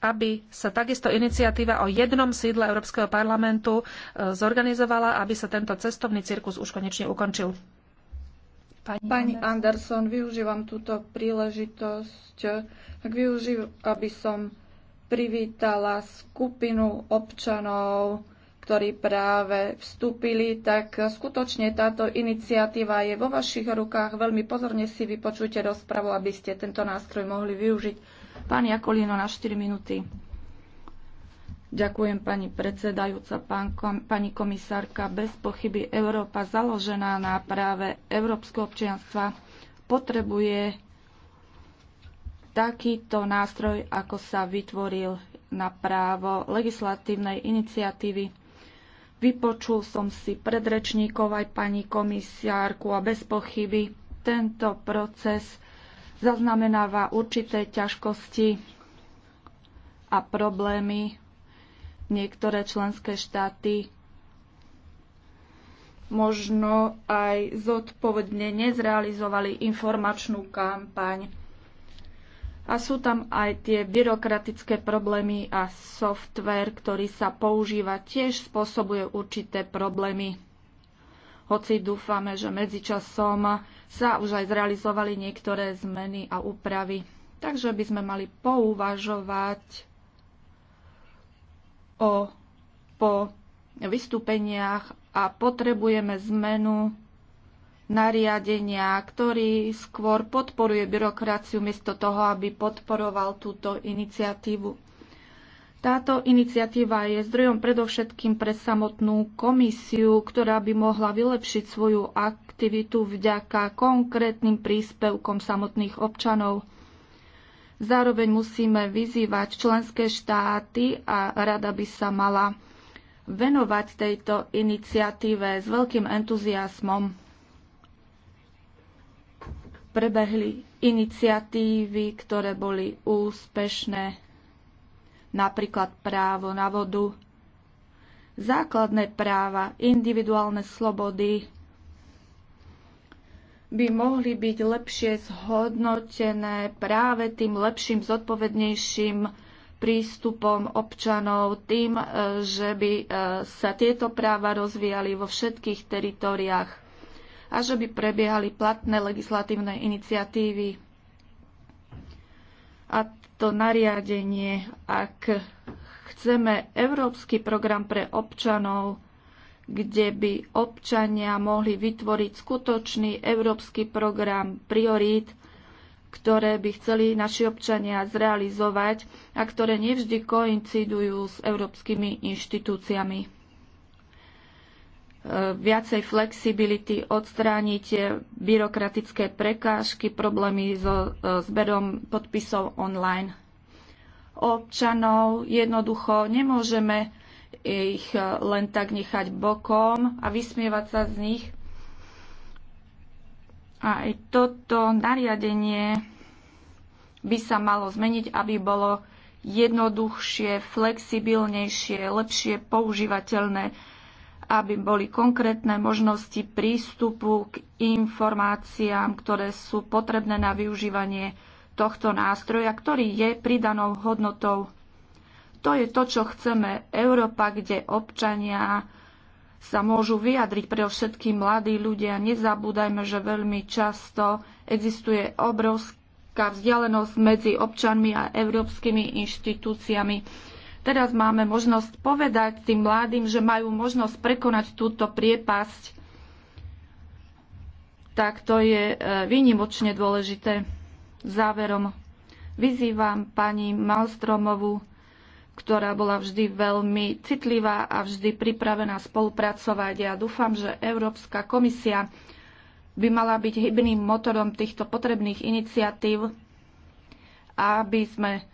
Speaker 3: aby sa takisto iniciatíva o jednom sídle Európskeho parlamentu e, zorganizovala, aby sa tento cestovný cirkus už konečne ukončil.
Speaker 1: Pani, Pani Anderson, využívam túto príležitosť, tak využív, aby som privítala skupinu občanov, ktorí práve vstúpili, tak skutočne táto iniciatíva je vo vašich rukách. Veľmi pozorne si vypočujte rozpravu, aby ste tento nástroj mohli využiť. Pán Jakolino na 4 minúty. Ďakujem pani predsedajúca, pán kom, pani komisárka. Bez pochyby Európa založená na práve európskeho občianstva potrebuje takýto nástroj, ako sa vytvoril na právo legislatívnej iniciatívy. Vypočul som si predrečníkov aj pani komisiárku a bez pochyby tento proces zaznamenáva určité ťažkosti a problémy. Niektoré členské štáty možno aj zodpovedne nezrealizovali informačnú kampaň a sú tam aj tie byrokratické problémy a software, ktorý sa používa, tiež spôsobuje určité problémy. Hoci dúfame, že medzičasom sa už aj zrealizovali niektoré zmeny a úpravy. Takže by sme mali pouvažovať o, po vystúpeniach a potrebujeme zmenu nariadenia, ktorý skôr podporuje byrokraciu miesto toho, aby podporoval túto iniciatívu. Táto iniciatíva je zdrojom predovšetkým pre samotnú komisiu, ktorá by mohla vylepšiť svoju aktivitu vďaka konkrétnym príspevkom samotných občanov. Zároveň musíme vyzývať členské štáty a rada by sa mala venovať tejto iniciatíve s veľkým entuziasmom prebehli iniciatívy, ktoré boli úspešné, napríklad právo na vodu, základné práva, individuálne slobody by mohli byť lepšie zhodnotené práve tým lepším, zodpovednejším prístupom občanov, tým, e, že by e, sa tieto práva rozvíjali vo všetkých teritoriách a že by prebiehali platné legislatívne iniciatívy. A to nariadenie, ak chceme európsky program pre občanov, kde by občania mohli vytvoriť skutočný európsky program priorít, ktoré by chceli naši občania zrealizovať a ktoré nevždy koincidujú s európskymi inštitúciami viacej flexibility, odstrániť byrokratické prekážky, problémy so e, zberom podpisov online. Občanov jednoducho nemôžeme ich e, len tak nechať bokom a vysmievať sa z nich. A aj toto nariadenie by sa malo zmeniť, aby bolo jednoduchšie, flexibilnejšie, lepšie používateľné aby boli konkrétne možnosti prístupu k informáciám, ktoré sú potrebné na využívanie tohto nástroja, ktorý je pridanou hodnotou. To je to, čo chceme. Európa, kde občania sa môžu vyjadriť pre všetky mladí ľudia. Nezabúdajme, že veľmi často existuje obrovská vzdialenosť medzi občanmi a európskymi inštitúciami. Teraz máme možnosť povedať tým mladým, že majú možnosť prekonať túto priepasť. Tak to je e, výnimočne dôležité. Záverom vyzývam pani Malstromovu, ktorá bola vždy veľmi citlivá a vždy pripravená spolupracovať. Ja dúfam, že Európska komisia by mala byť hybným motorom týchto potrebných iniciatív, aby sme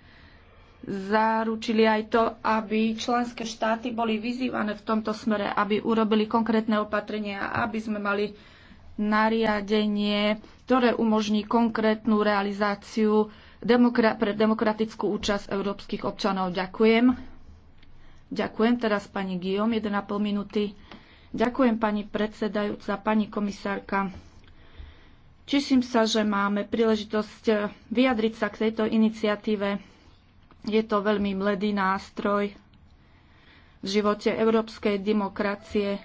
Speaker 1: zaručili aj to, aby členské štáty boli vyzývané v tomto smere, aby urobili konkrétne opatrenia, aby sme mali nariadenie, ktoré umožní konkrétnu realizáciu demokra- pre demokratickú účasť európskych občanov. Ďakujem. Ďakujem teraz pani Guillaume, 1,5 minúty. Ďakujem pani predsedajúca, pani komisárka. Čiším sa, že máme príležitosť vyjadriť sa k tejto iniciatíve je to veľmi mladý nástroj v živote európskej demokracie.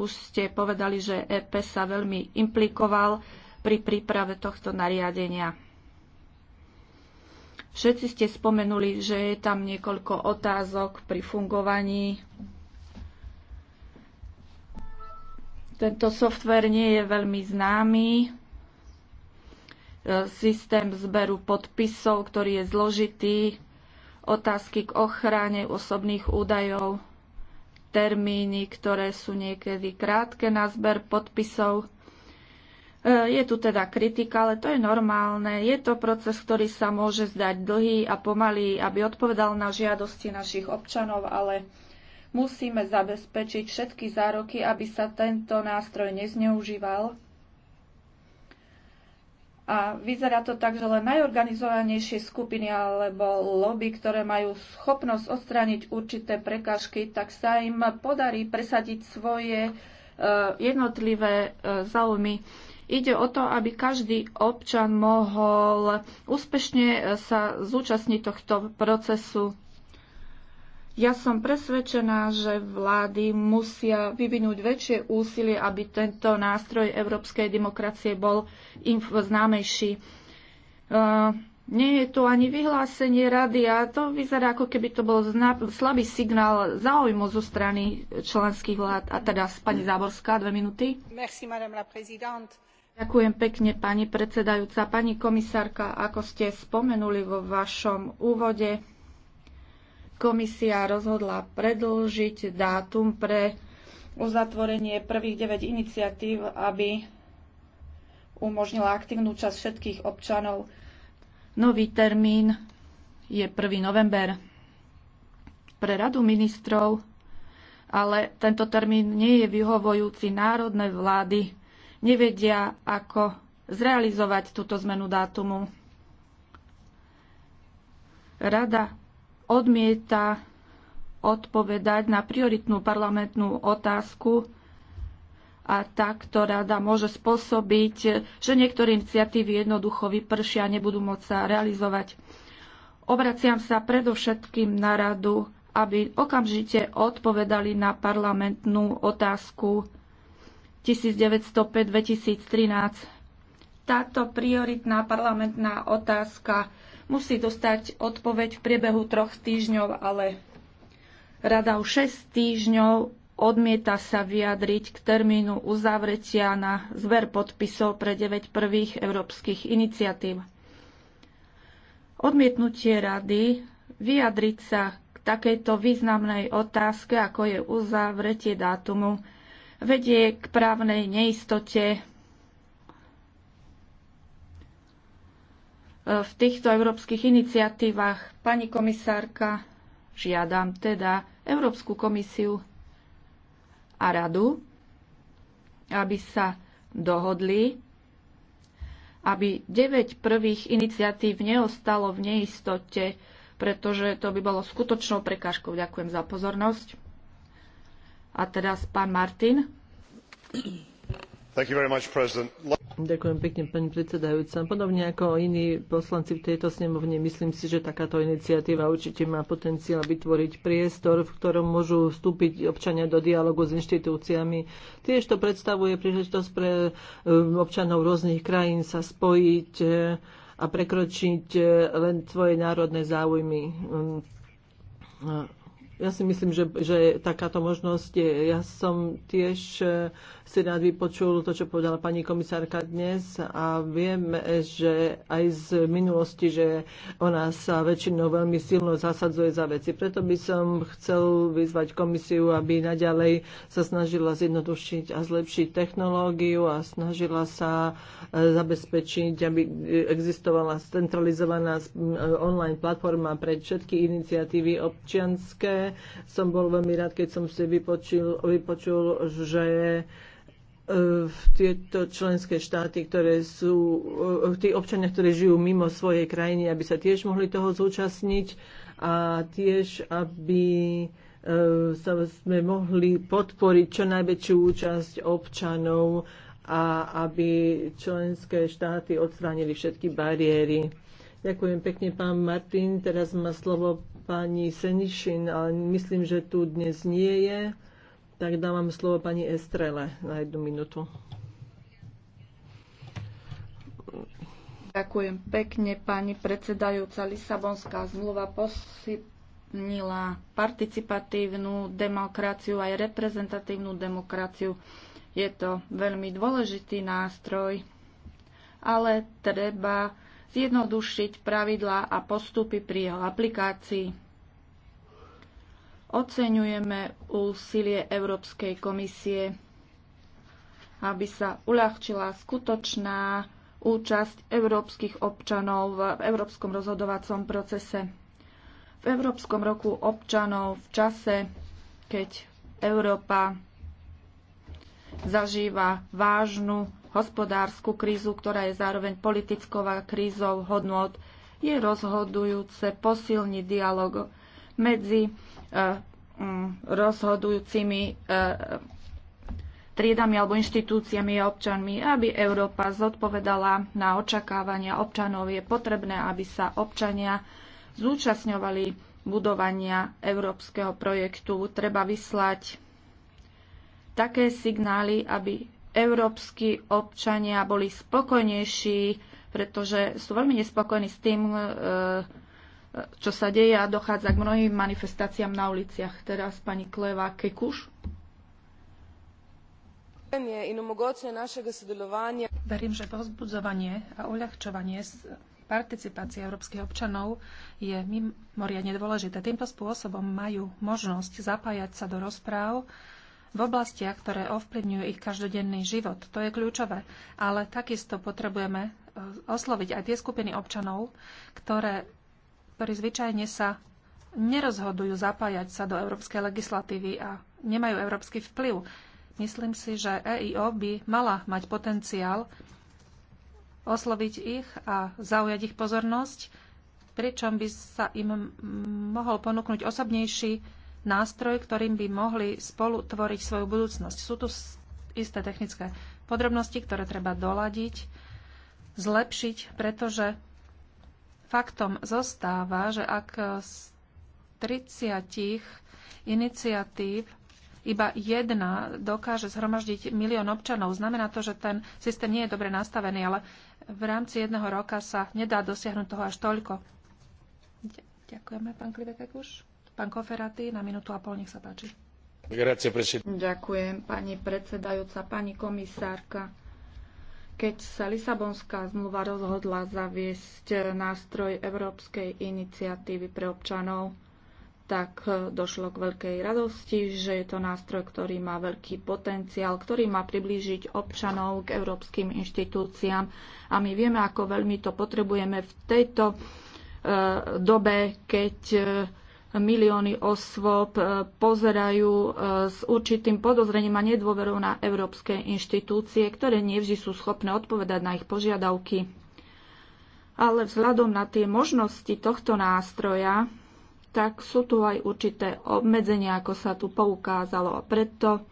Speaker 1: Už ste povedali, že EP sa veľmi implikoval pri príprave tohto nariadenia. Všetci ste spomenuli, že je tam niekoľko otázok pri fungovaní Tento software nie je veľmi známy. Systém zberu podpisov, ktorý je zložitý, otázky k ochrane osobných údajov, termíny, ktoré sú niekedy krátke na zber podpisov. E, je tu teda kritika, ale to je normálne. Je to proces, ktorý sa môže zdať dlhý a pomalý, aby odpovedal na žiadosti našich občanov, ale musíme zabezpečiť všetky zároky, aby sa tento nástroj nezneužíval a vyzerá to tak, že len najorganizovanejšie skupiny alebo lobby, ktoré majú schopnosť odstrániť určité prekážky, tak sa im podarí presadiť svoje e, jednotlivé e, záujmy. Ide o to, aby každý občan mohol úspešne e, sa zúčastniť tohto procesu ja som presvedčená, že vlády musia vyvinúť väčšie úsilie, aby tento nástroj európskej demokracie bol im známejší. Uh, nie je tu ani vyhlásenie rady a to vyzerá, ako keby to bol slabý signál záujmu zo strany členských vlád. A teda pani Záborská, dve minúty.
Speaker 3: Merci, madame la présidente.
Speaker 1: Ďakujem pekne, pani predsedajúca. Pani komisárka, ako ste spomenuli vo vašom úvode, komisia rozhodla predlžiť dátum pre uzatvorenie prvých 9 iniciatív, aby umožnila aktívnu časť všetkých občanov. Nový termín je 1. november pre Radu ministrov, ale tento termín nie je vyhovojúci. Národné vlády nevedia, ako zrealizovať túto zmenu dátumu. Rada odmieta odpovedať na prioritnú parlamentnú otázku a takto rada môže spôsobiť, že niektoré iniciatívy jednoducho vypršia a nebudú môcť sa realizovať. Obraciam sa predovšetkým na radu, aby okamžite odpovedali na parlamentnú otázku 1905-2013. Táto prioritná parlamentná otázka musí dostať odpoveď v priebehu troch týždňov, ale rada už 6 týždňov odmieta sa vyjadriť k termínu uzavretia na zver podpisov pre 9 prvých európskych iniciatív. Odmietnutie rady vyjadriť sa k takejto významnej otázke, ako je uzavretie dátumu, vedie k právnej neistote v týchto európskych iniciatívach. Pani komisárka, žiadam teda Európsku komisiu a radu, aby sa dohodli, aby 9 prvých iniciatív neostalo v neistote, pretože to by bolo skutočnou prekážkou. Ďakujem za
Speaker 2: pozornosť. A teraz pán Martin. Ďakujem pekne, pani predsedajúca. Podobne ako iní poslanci v tejto snemovne, myslím si, že takáto iniciatíva určite má potenciál vytvoriť priestor, v ktorom môžu vstúpiť občania do dialogu s inštitúciami. Tiež to predstavuje príležitosť pre um, občanov rôznych krajín sa spojiť eh, a prekročiť eh, len svoje národné záujmy um, ja si myslím, že, že takáto možnosť je. Ja som tiež eh, si rád vypočul to, čo povedala pani komisárka dnes a viem, že aj z minulosti, že ona sa väčšinou veľmi silno zasadzuje za veci. Preto by som chcel vyzvať komisiu, aby naďalej sa snažila zjednodušiť a zlepšiť technológiu a snažila sa eh, zabezpečiť, aby existovala centralizovaná mm, online platforma pre všetky iniciatívy občianské som bol veľmi rád, keď som si vypočul, vypočul že e, v tieto členské štáty, ktoré sú, e, tí občania, ktorí žijú mimo svojej krajiny, aby sa tiež mohli toho zúčastniť a tiež, aby e, sa sme mohli podporiť čo najväčšiu účasť občanov a aby členské štáty odstránili všetky bariéry. Ďakujem pekne, pán Martin. Teraz má slovo pani Senišin, ale myslím, že tu dnes nie je. Tak dávam slovo pani Estrele na jednu minútu.
Speaker 1: Ďakujem pekne, pani predsedajúca. Lisabonská zmluva posilnila participatívnu demokraciu aj reprezentatívnu demokraciu. Je to veľmi dôležitý nástroj, ale treba zjednodušiť pravidlá a postupy pri jeho aplikácii. Oceňujeme úsilie Európskej komisie, aby sa uľahčila skutočná účasť európskych občanov v európskom rozhodovacom procese. V Európskom roku občanov v čase, keď Európa zažíva vážnu hospodárskú krízu, ktorá je zároveň politickou krízou hodnot, je rozhodujúce posilniť dialog medzi e, rozhodujúcimi e, triedami alebo inštitúciami a občanmi, aby Európa zodpovedala na očakávania občanov. Je potrebné, aby sa občania zúčastňovali budovania európskeho projektu. Treba vyslať také signály, aby európsky občania boli spokojnejší, pretože sú veľmi nespokojní s tým, e, e, čo sa deje a dochádza k mnohým manifestáciám na uliciach. Teraz pani Kleva Kekuš.
Speaker 3: Verím, že povzbudzovanie a uľahčovanie participácie európskych občanov je mimoriadne dôležité. Týmto spôsobom majú možnosť zapájať sa do rozpráv, v oblastiach, ktoré ovplyvňujú ich každodenný život. To je kľúčové. Ale takisto potrebujeme e, osloviť aj tie skupiny občanov, ktoré, ktorí zvyčajne sa nerozhodujú zapájať sa do európskej legislatívy a nemajú európsky vplyv. Myslím si, že EIO by mala mať potenciál osloviť ich a zaujať ich pozornosť, pričom by sa im mohol ponúknuť osobnejší nástroj, ktorým by mohli spolu tvoriť svoju budúcnosť. Sú tu isté technické podrobnosti, ktoré treba doladiť, zlepšiť, pretože faktom zostáva, že ak z 30 iniciatív iba jedna dokáže zhromaždiť milión občanov. Znamená to, že ten systém nie je dobre nastavený, ale v rámci jedného roka sa nedá dosiahnuť toho až toľko. Ďakujeme, pán Klivekek už. Pán Koferaty, na minútu a pol, nech sa páči. Ďakujem, pani predsedajúca, pani komisárka.
Speaker 1: Keď sa Lisabonská zmluva rozhodla zaviesť nástroj Európskej iniciatívy pre občanov, tak došlo k veľkej radosti, že je to nástroj, ktorý má veľký potenciál, ktorý má priblížiť občanov k európskym inštitúciám. A my vieme, ako veľmi to potrebujeme v tejto eh, dobe, keď eh, milióny osôb e, pozerajú e, s určitým podozrením a nedôverou na európske inštitúcie, ktoré nevždy sú schopné odpovedať na ich požiadavky. Ale vzhľadom na tie možnosti tohto nástroja, tak sú tu aj určité obmedzenia, ako sa tu poukázalo. A preto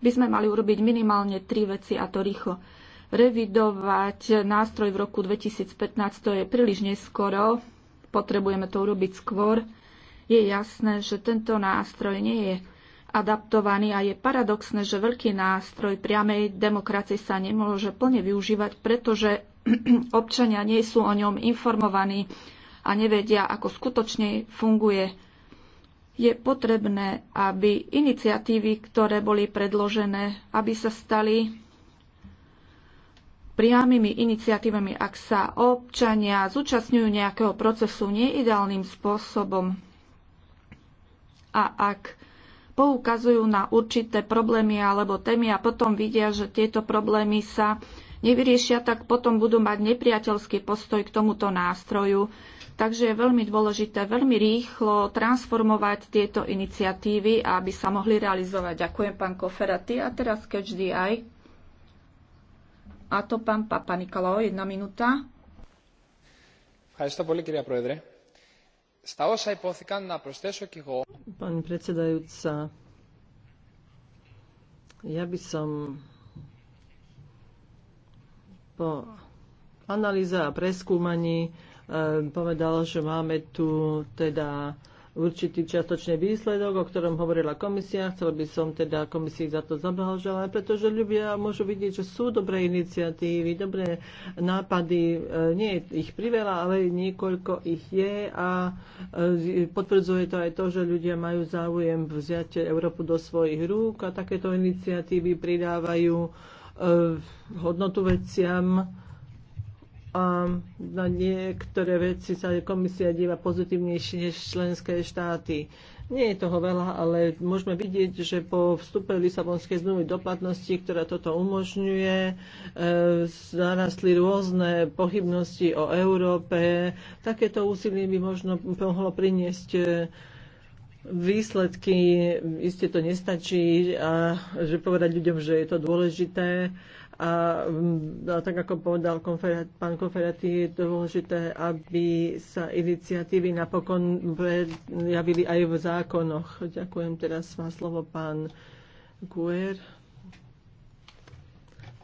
Speaker 1: by sme mali urobiť minimálne tri veci a to rýchlo. Revidovať nástroj v roku 2015 to je príliš neskoro, potrebujeme to urobiť skôr je jasné, že tento nástroj nie je adaptovaný a je paradoxné, že veľký nástroj priamej demokracie sa nemôže plne využívať, pretože občania nie sú o ňom informovaní a nevedia, ako skutočne funguje. Je potrebné, aby iniciatívy, ktoré boli predložené, aby sa stali priamými iniciatívami, ak sa občania zúčastňujú nejakého procesu neideálnym spôsobom a ak poukazujú na určité problémy alebo témy a potom vidia, že tieto problémy sa nevyriešia, tak potom budú mať nepriateľský postoj k tomuto nástroju. Takže je veľmi dôležité veľmi rýchlo transformovať tieto iniciatívy, aby sa mohli realizovať. Ďakujem, pán Ty A teraz Catch the Eye. A to pán Papa Nikolo, jedna minúta.
Speaker 2: Ďakujem, pán Στα όσα υπόθηκαν να προσθέσω κι εγώ. Pani predsedajúca, ja by som po analýze a preskúmaní povedal, že máme tu teda určitý čiastočný výsledok, o ktorom hovorila komisia. Chcel by som teda komisii za to zablahoželať, pretože ľudia môžu vidieť, že sú dobré iniciatívy, dobré nápady. E, Nie je ich priveľa, ale niekoľko ich je a e, potvrdzuje to aj to, že ľudia majú záujem vziať Európu do svojich rúk a takéto iniciatívy pridávajú e, hodnotu veciam a na niektoré veci sa komisia díva pozitívnejšie než členské štáty. Nie je toho veľa, ale môžeme vidieť, že po vstupe Lisabonskej zmluvy do platnosti, ktorá toto umožňuje, e, narastli rôzne pochybnosti o Európe. Takéto úsilie by možno mohlo priniesť e, výsledky. Isté to nestačí a že povedať ľuďom, že je to dôležité. E, a, mm, a tak ako povedal konferát, pán Konferati, je dôležité, aby sa iniciatívy napokon prejavili aj v zákonoch. Ďakujem teraz má slovo pán Guer.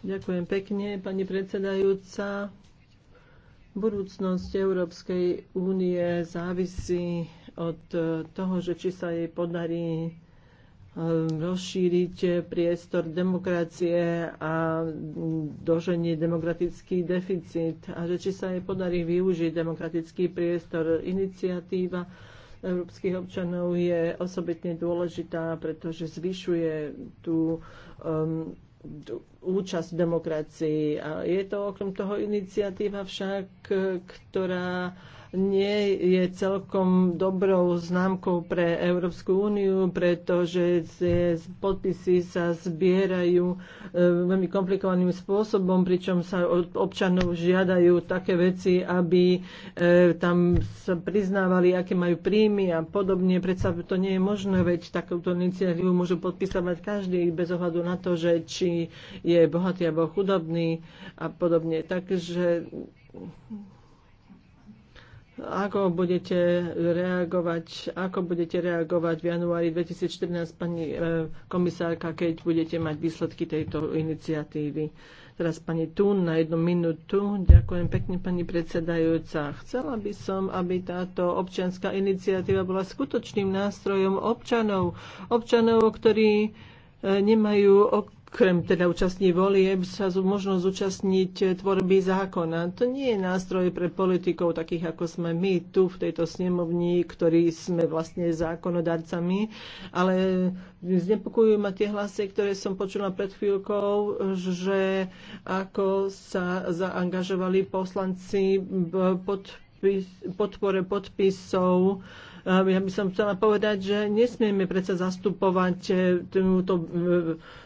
Speaker 2: Ďakujem pekne, pani predsedajúca. Budúcnosť Európskej únie závisí od toho, že či sa jej podarí rozšíriť priestor demokracie a doženie demokratický deficit a že či sa jej podarí využiť demokratický priestor. Iniciatíva európskych občanov je osobitne dôležitá, pretože zvyšuje tú um, účasť v demokracii. A je to okrem toho iniciatíva však, ktorá nie je celkom dobrou známkou pre Európsku úniu, pretože podpisy sa zbierajú eh, veľmi komplikovaným spôsobom, pričom sa od občanov žiadajú také veci, aby eh, tam sa priznávali, aké majú príjmy a podobne. Predsa to nie je možné, veď takúto iniciatívu môžu podpisovať každý bez ohľadu na to, že či je bohatý alebo chudobný a podobne. Takže ako budete reagovať, ako budete reagovať v januári 2014, pani eh, komisárka, keď budete mať výsledky tejto iniciatívy? Teraz pani Tún na jednu minútu. Ďakujem pekne, pani predsedajúca. Chcela by som, aby táto občianská iniciatíva bola skutočným nástrojom občanov. Občanov, ktorí eh, nemajú Krem teda účastní volieb sa možno zúčastniť tvorby zákona. To nie je nástroj pre politikov takých, ako sme my tu v tejto snemovni, ktorí sme vlastne zákonodarcami, ale znepokojujú ma tie hlasy, ktoré som počula pred chvíľkou, že ako sa zaangažovali poslanci v podpis, podpore podpisov ja by som chcela povedať, že nesmieme predsa zastupovať eh, túto eh,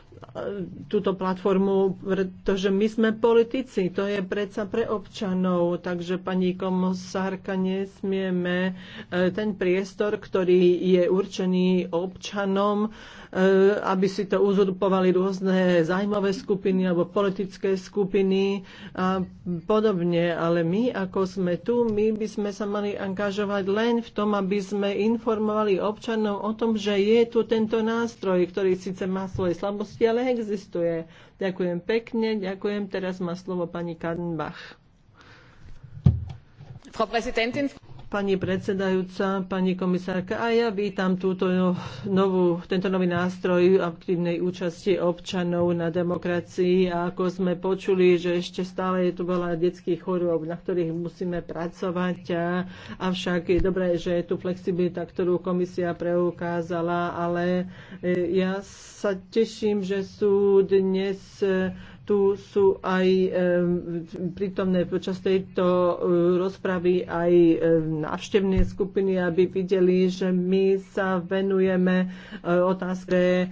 Speaker 2: túto platformu, pretože my sme politici, to je predsa pre občanov, takže pani komisárka, nesmieme eh, ten priestor, ktorý je určený občanom, E, aby si to uzurpovali rôzne zájmové skupiny alebo politické skupiny a podobne. Ale my, ako sme tu, my by sme sa mali angažovať len v tom, aby sme informovali občanov o tom, že je tu tento nástroj, ktorý síce má svoje slabosti, ale existuje. Ďakujem pekne, ďakujem. Teraz má slovo pani Kadenbach. Frau Präsidentin, Pani predsedajúca, pani komisárka, a ja vítam túto novú, tento nový nástroj aktívnej účasti občanov na demokracii. A ako sme počuli, že ešte stále je tu veľa detských chorôb, na ktorých musíme pracovať. A, avšak je dobré, že je tu flexibilita, ktorú komisia preukázala, ale e, ja sa teším, že sú dnes tu sú aj e, prítomné počas tejto e, rozpravy aj e, návštevné skupiny, aby videli, že my sa venujeme e, otázke e,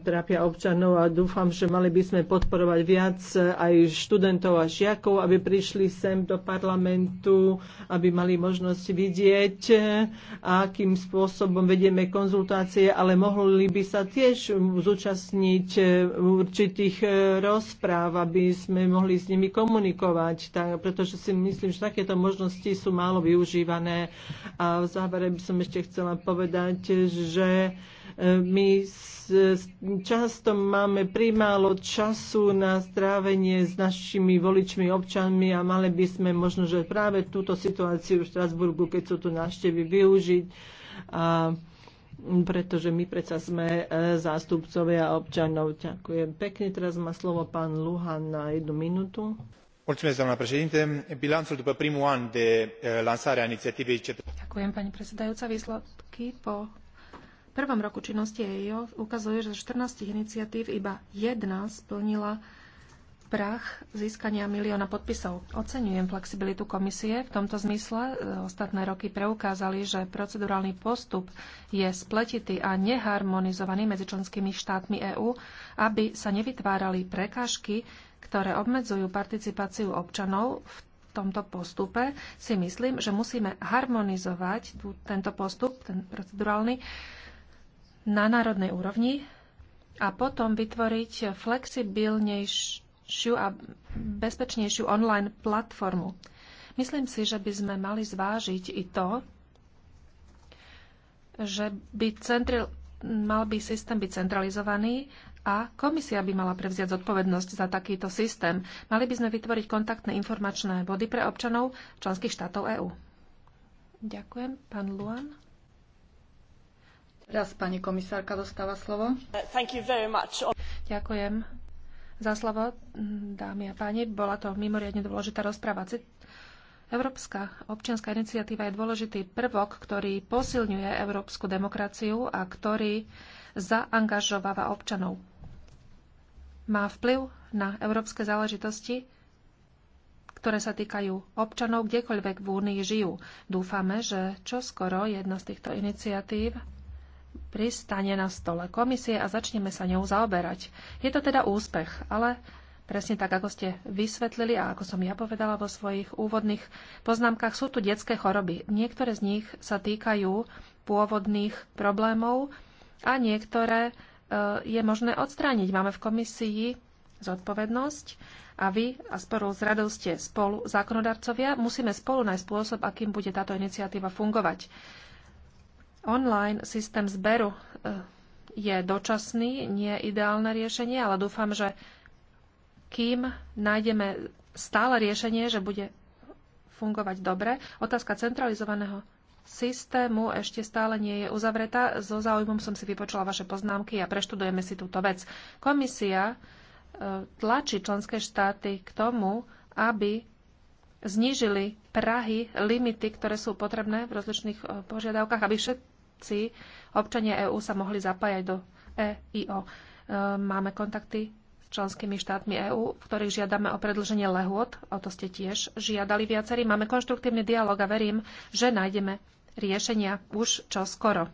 Speaker 2: trápia občanov a dúfam, že mali by sme podporovať viac e, aj študentov a žiakov, aby prišli sem do parlamentu, aby mali možnosť vidieť, e, akým spôsobom vedieme konzultácie, ale mohli by sa tiež zúčastniť e, určitých roz rozpráv, aby sme mohli s nimi komunikovať, tak, pretože si myslím, že takéto možnosti sú málo využívané. A v závere by som ešte chcela povedať, že e, my často máme primálo času na strávenie s našimi voličmi, občanmi a mali by sme možno, že práve túto situáciu v Štrasburgu, keď sú tu návštevy, využiť. A pretože my predsa sme e, zástupcovia občanov. Ďakujem pekne. Teraz má slovo pán Luhan na jednu minútu. Mulțumesc, doamna președinte. Bilanțul după primul an de e, lansare a inițiativei
Speaker 3: Ďakujem, pani predsedajúca. Výsledky po prvom roku činnosti EIO ukazuje, že z 14 iniciatív iba jedna splnila prach získania milióna podpisov. Oceňujem flexibilitu komisie. V tomto zmysle e, ostatné roky preukázali, že procedurálny postup je spletitý a neharmonizovaný medzi členskými štátmi EÚ, aby sa nevytvárali prekážky, ktoré obmedzujú participáciu občanov v tomto postupe. Si myslím, že musíme harmonizovať tú, tento postup, ten procedurálny, na národnej úrovni a potom vytvoriť flexibilnejšie lepšiu a bezpečnejšiu online platformu. Myslím si, že by sme mali zvážiť i to, že by centri, mal by systém byť centralizovaný a komisia by mala prevziať zodpovednosť za takýto systém. Mali by sme vytvoriť kontaktné informačné body pre občanov členských štátov EÚ. Ďakujem. Pán Luan. Teraz pani komisárka dostáva slovo. Ďakujem za slovo, mm, dámy a páni. Bola to mimoriadne dôležitá rozpráva. Európska občianská iniciatíva je dôležitý prvok, ktorý posilňuje európsku demokraciu a ktorý zaangažováva občanov. Má vplyv na európske záležitosti, ktoré sa týkajú občanov kdekoľvek v Únii žijú. Dúfame, že čoskoro jedna z týchto iniciatív pristane na stole komisie a začneme sa ňou zaoberať. Je to teda úspech, ale presne tak, ako ste vysvetlili a ako som ja povedala vo svojich úvodných poznámkach, sú tu detské choroby. Niektoré z nich sa týkajú pôvodných problémov a niektoré e, je možné odstrániť. Máme v komisii zodpovednosť a vy a spolu s radou ste spolu zákonodarcovia. Musíme spolu nájsť spôsob, akým bude táto iniciatíva fungovať. Online systém zberu eh, je dočasný, nie ideálne riešenie, ale dúfam, že kým nájdeme stále riešenie, že bude fungovať dobre, otázka centralizovaného systému ešte stále nie je uzavretá. So záujmom som si vypočula vaše poznámky a preštudujeme si túto vec. Komisia eh, tlačí členské štáty k tomu, aby znížili prahy, limity, ktoré sú potrebné v rozličných eh, požiadavkách, aby všetko všetci občania EÚ sa mohli zapájať do EIO. E, máme kontakty s členskými štátmi EÚ, v ktorých žiadame o predlženie lehôd, o to ste tiež žiadali viacerí. Máme konštruktívny dialog a verím, že nájdeme riešenia už čo skoro.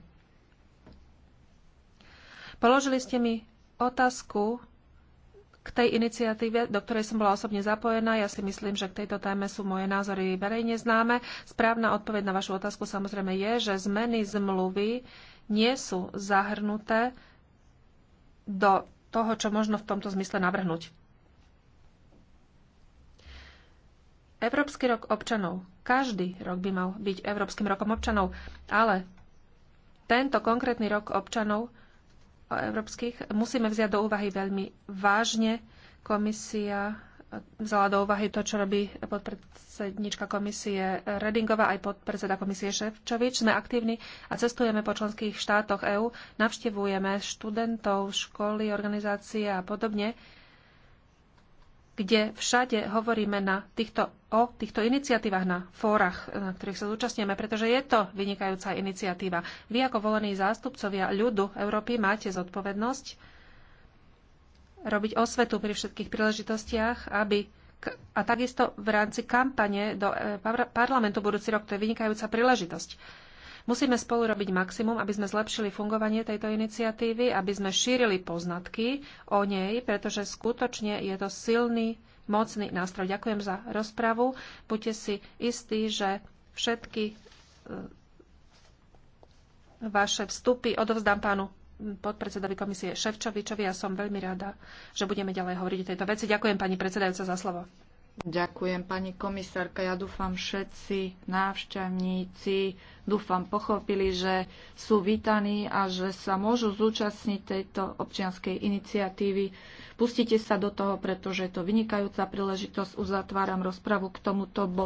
Speaker 3: Položili ste mi otázku, k tej iniciatíve, do ktorej som bola osobne zapojená. Ja si myslím, že k tejto téme sú moje názory verejne známe. Správna odpoveď na vašu otázku samozrejme je, že zmeny zmluvy nie sú zahrnuté do toho, čo možno v tomto zmysle navrhnúť. Európsky rok občanov. Každý rok by mal byť Európskym rokom občanov, ale tento konkrétny rok občanov európskych musíme vziať do úvahy veľmi vážne. Komisia vzala do úvahy to, čo robí podpredsednička komisie Redingova aj podpredseda komisie Ševčovič. Sme aktívni a cestujeme po členských štátoch EÚ, navštevujeme študentov, školy, organizácie a podobne kde všade hovoríme na týchto, o týchto iniciatívach na fórach, e, na ktorých sa zúčastňujeme, pretože je to vynikajúca iniciatíva. Vy ako volení zástupcovia ľudu Európy máte zodpovednosť robiť osvetu pri všetkých príležitostiach, aby a takisto v rámci kampane do e, parlamentu budúci rok, to je vynikajúca príležitosť. Musíme spolu robiť maximum, aby sme zlepšili fungovanie tejto iniciatívy, aby sme šírili poznatky o nej, pretože skutočne je to silný, mocný nástroj. Ďakujem za rozpravu. Buďte si istí, že všetky e, vaše vstupy odovzdám pánu podpredsedovi komisie Ševčovičovi a som veľmi rada, že budeme ďalej hovoriť o tejto veci. Ďakujem pani predsedajúca za slovo. Ďakujem, pani komisárka. Ja dúfam, všetci
Speaker 1: návštevníci dúfam pochopili, že sú vítaní a že sa môžu zúčastniť tejto občianskej iniciatívy. Pustite sa do toho, pretože je to vynikajúca príležitosť. Uzatváram rozpravu k tomuto bodu.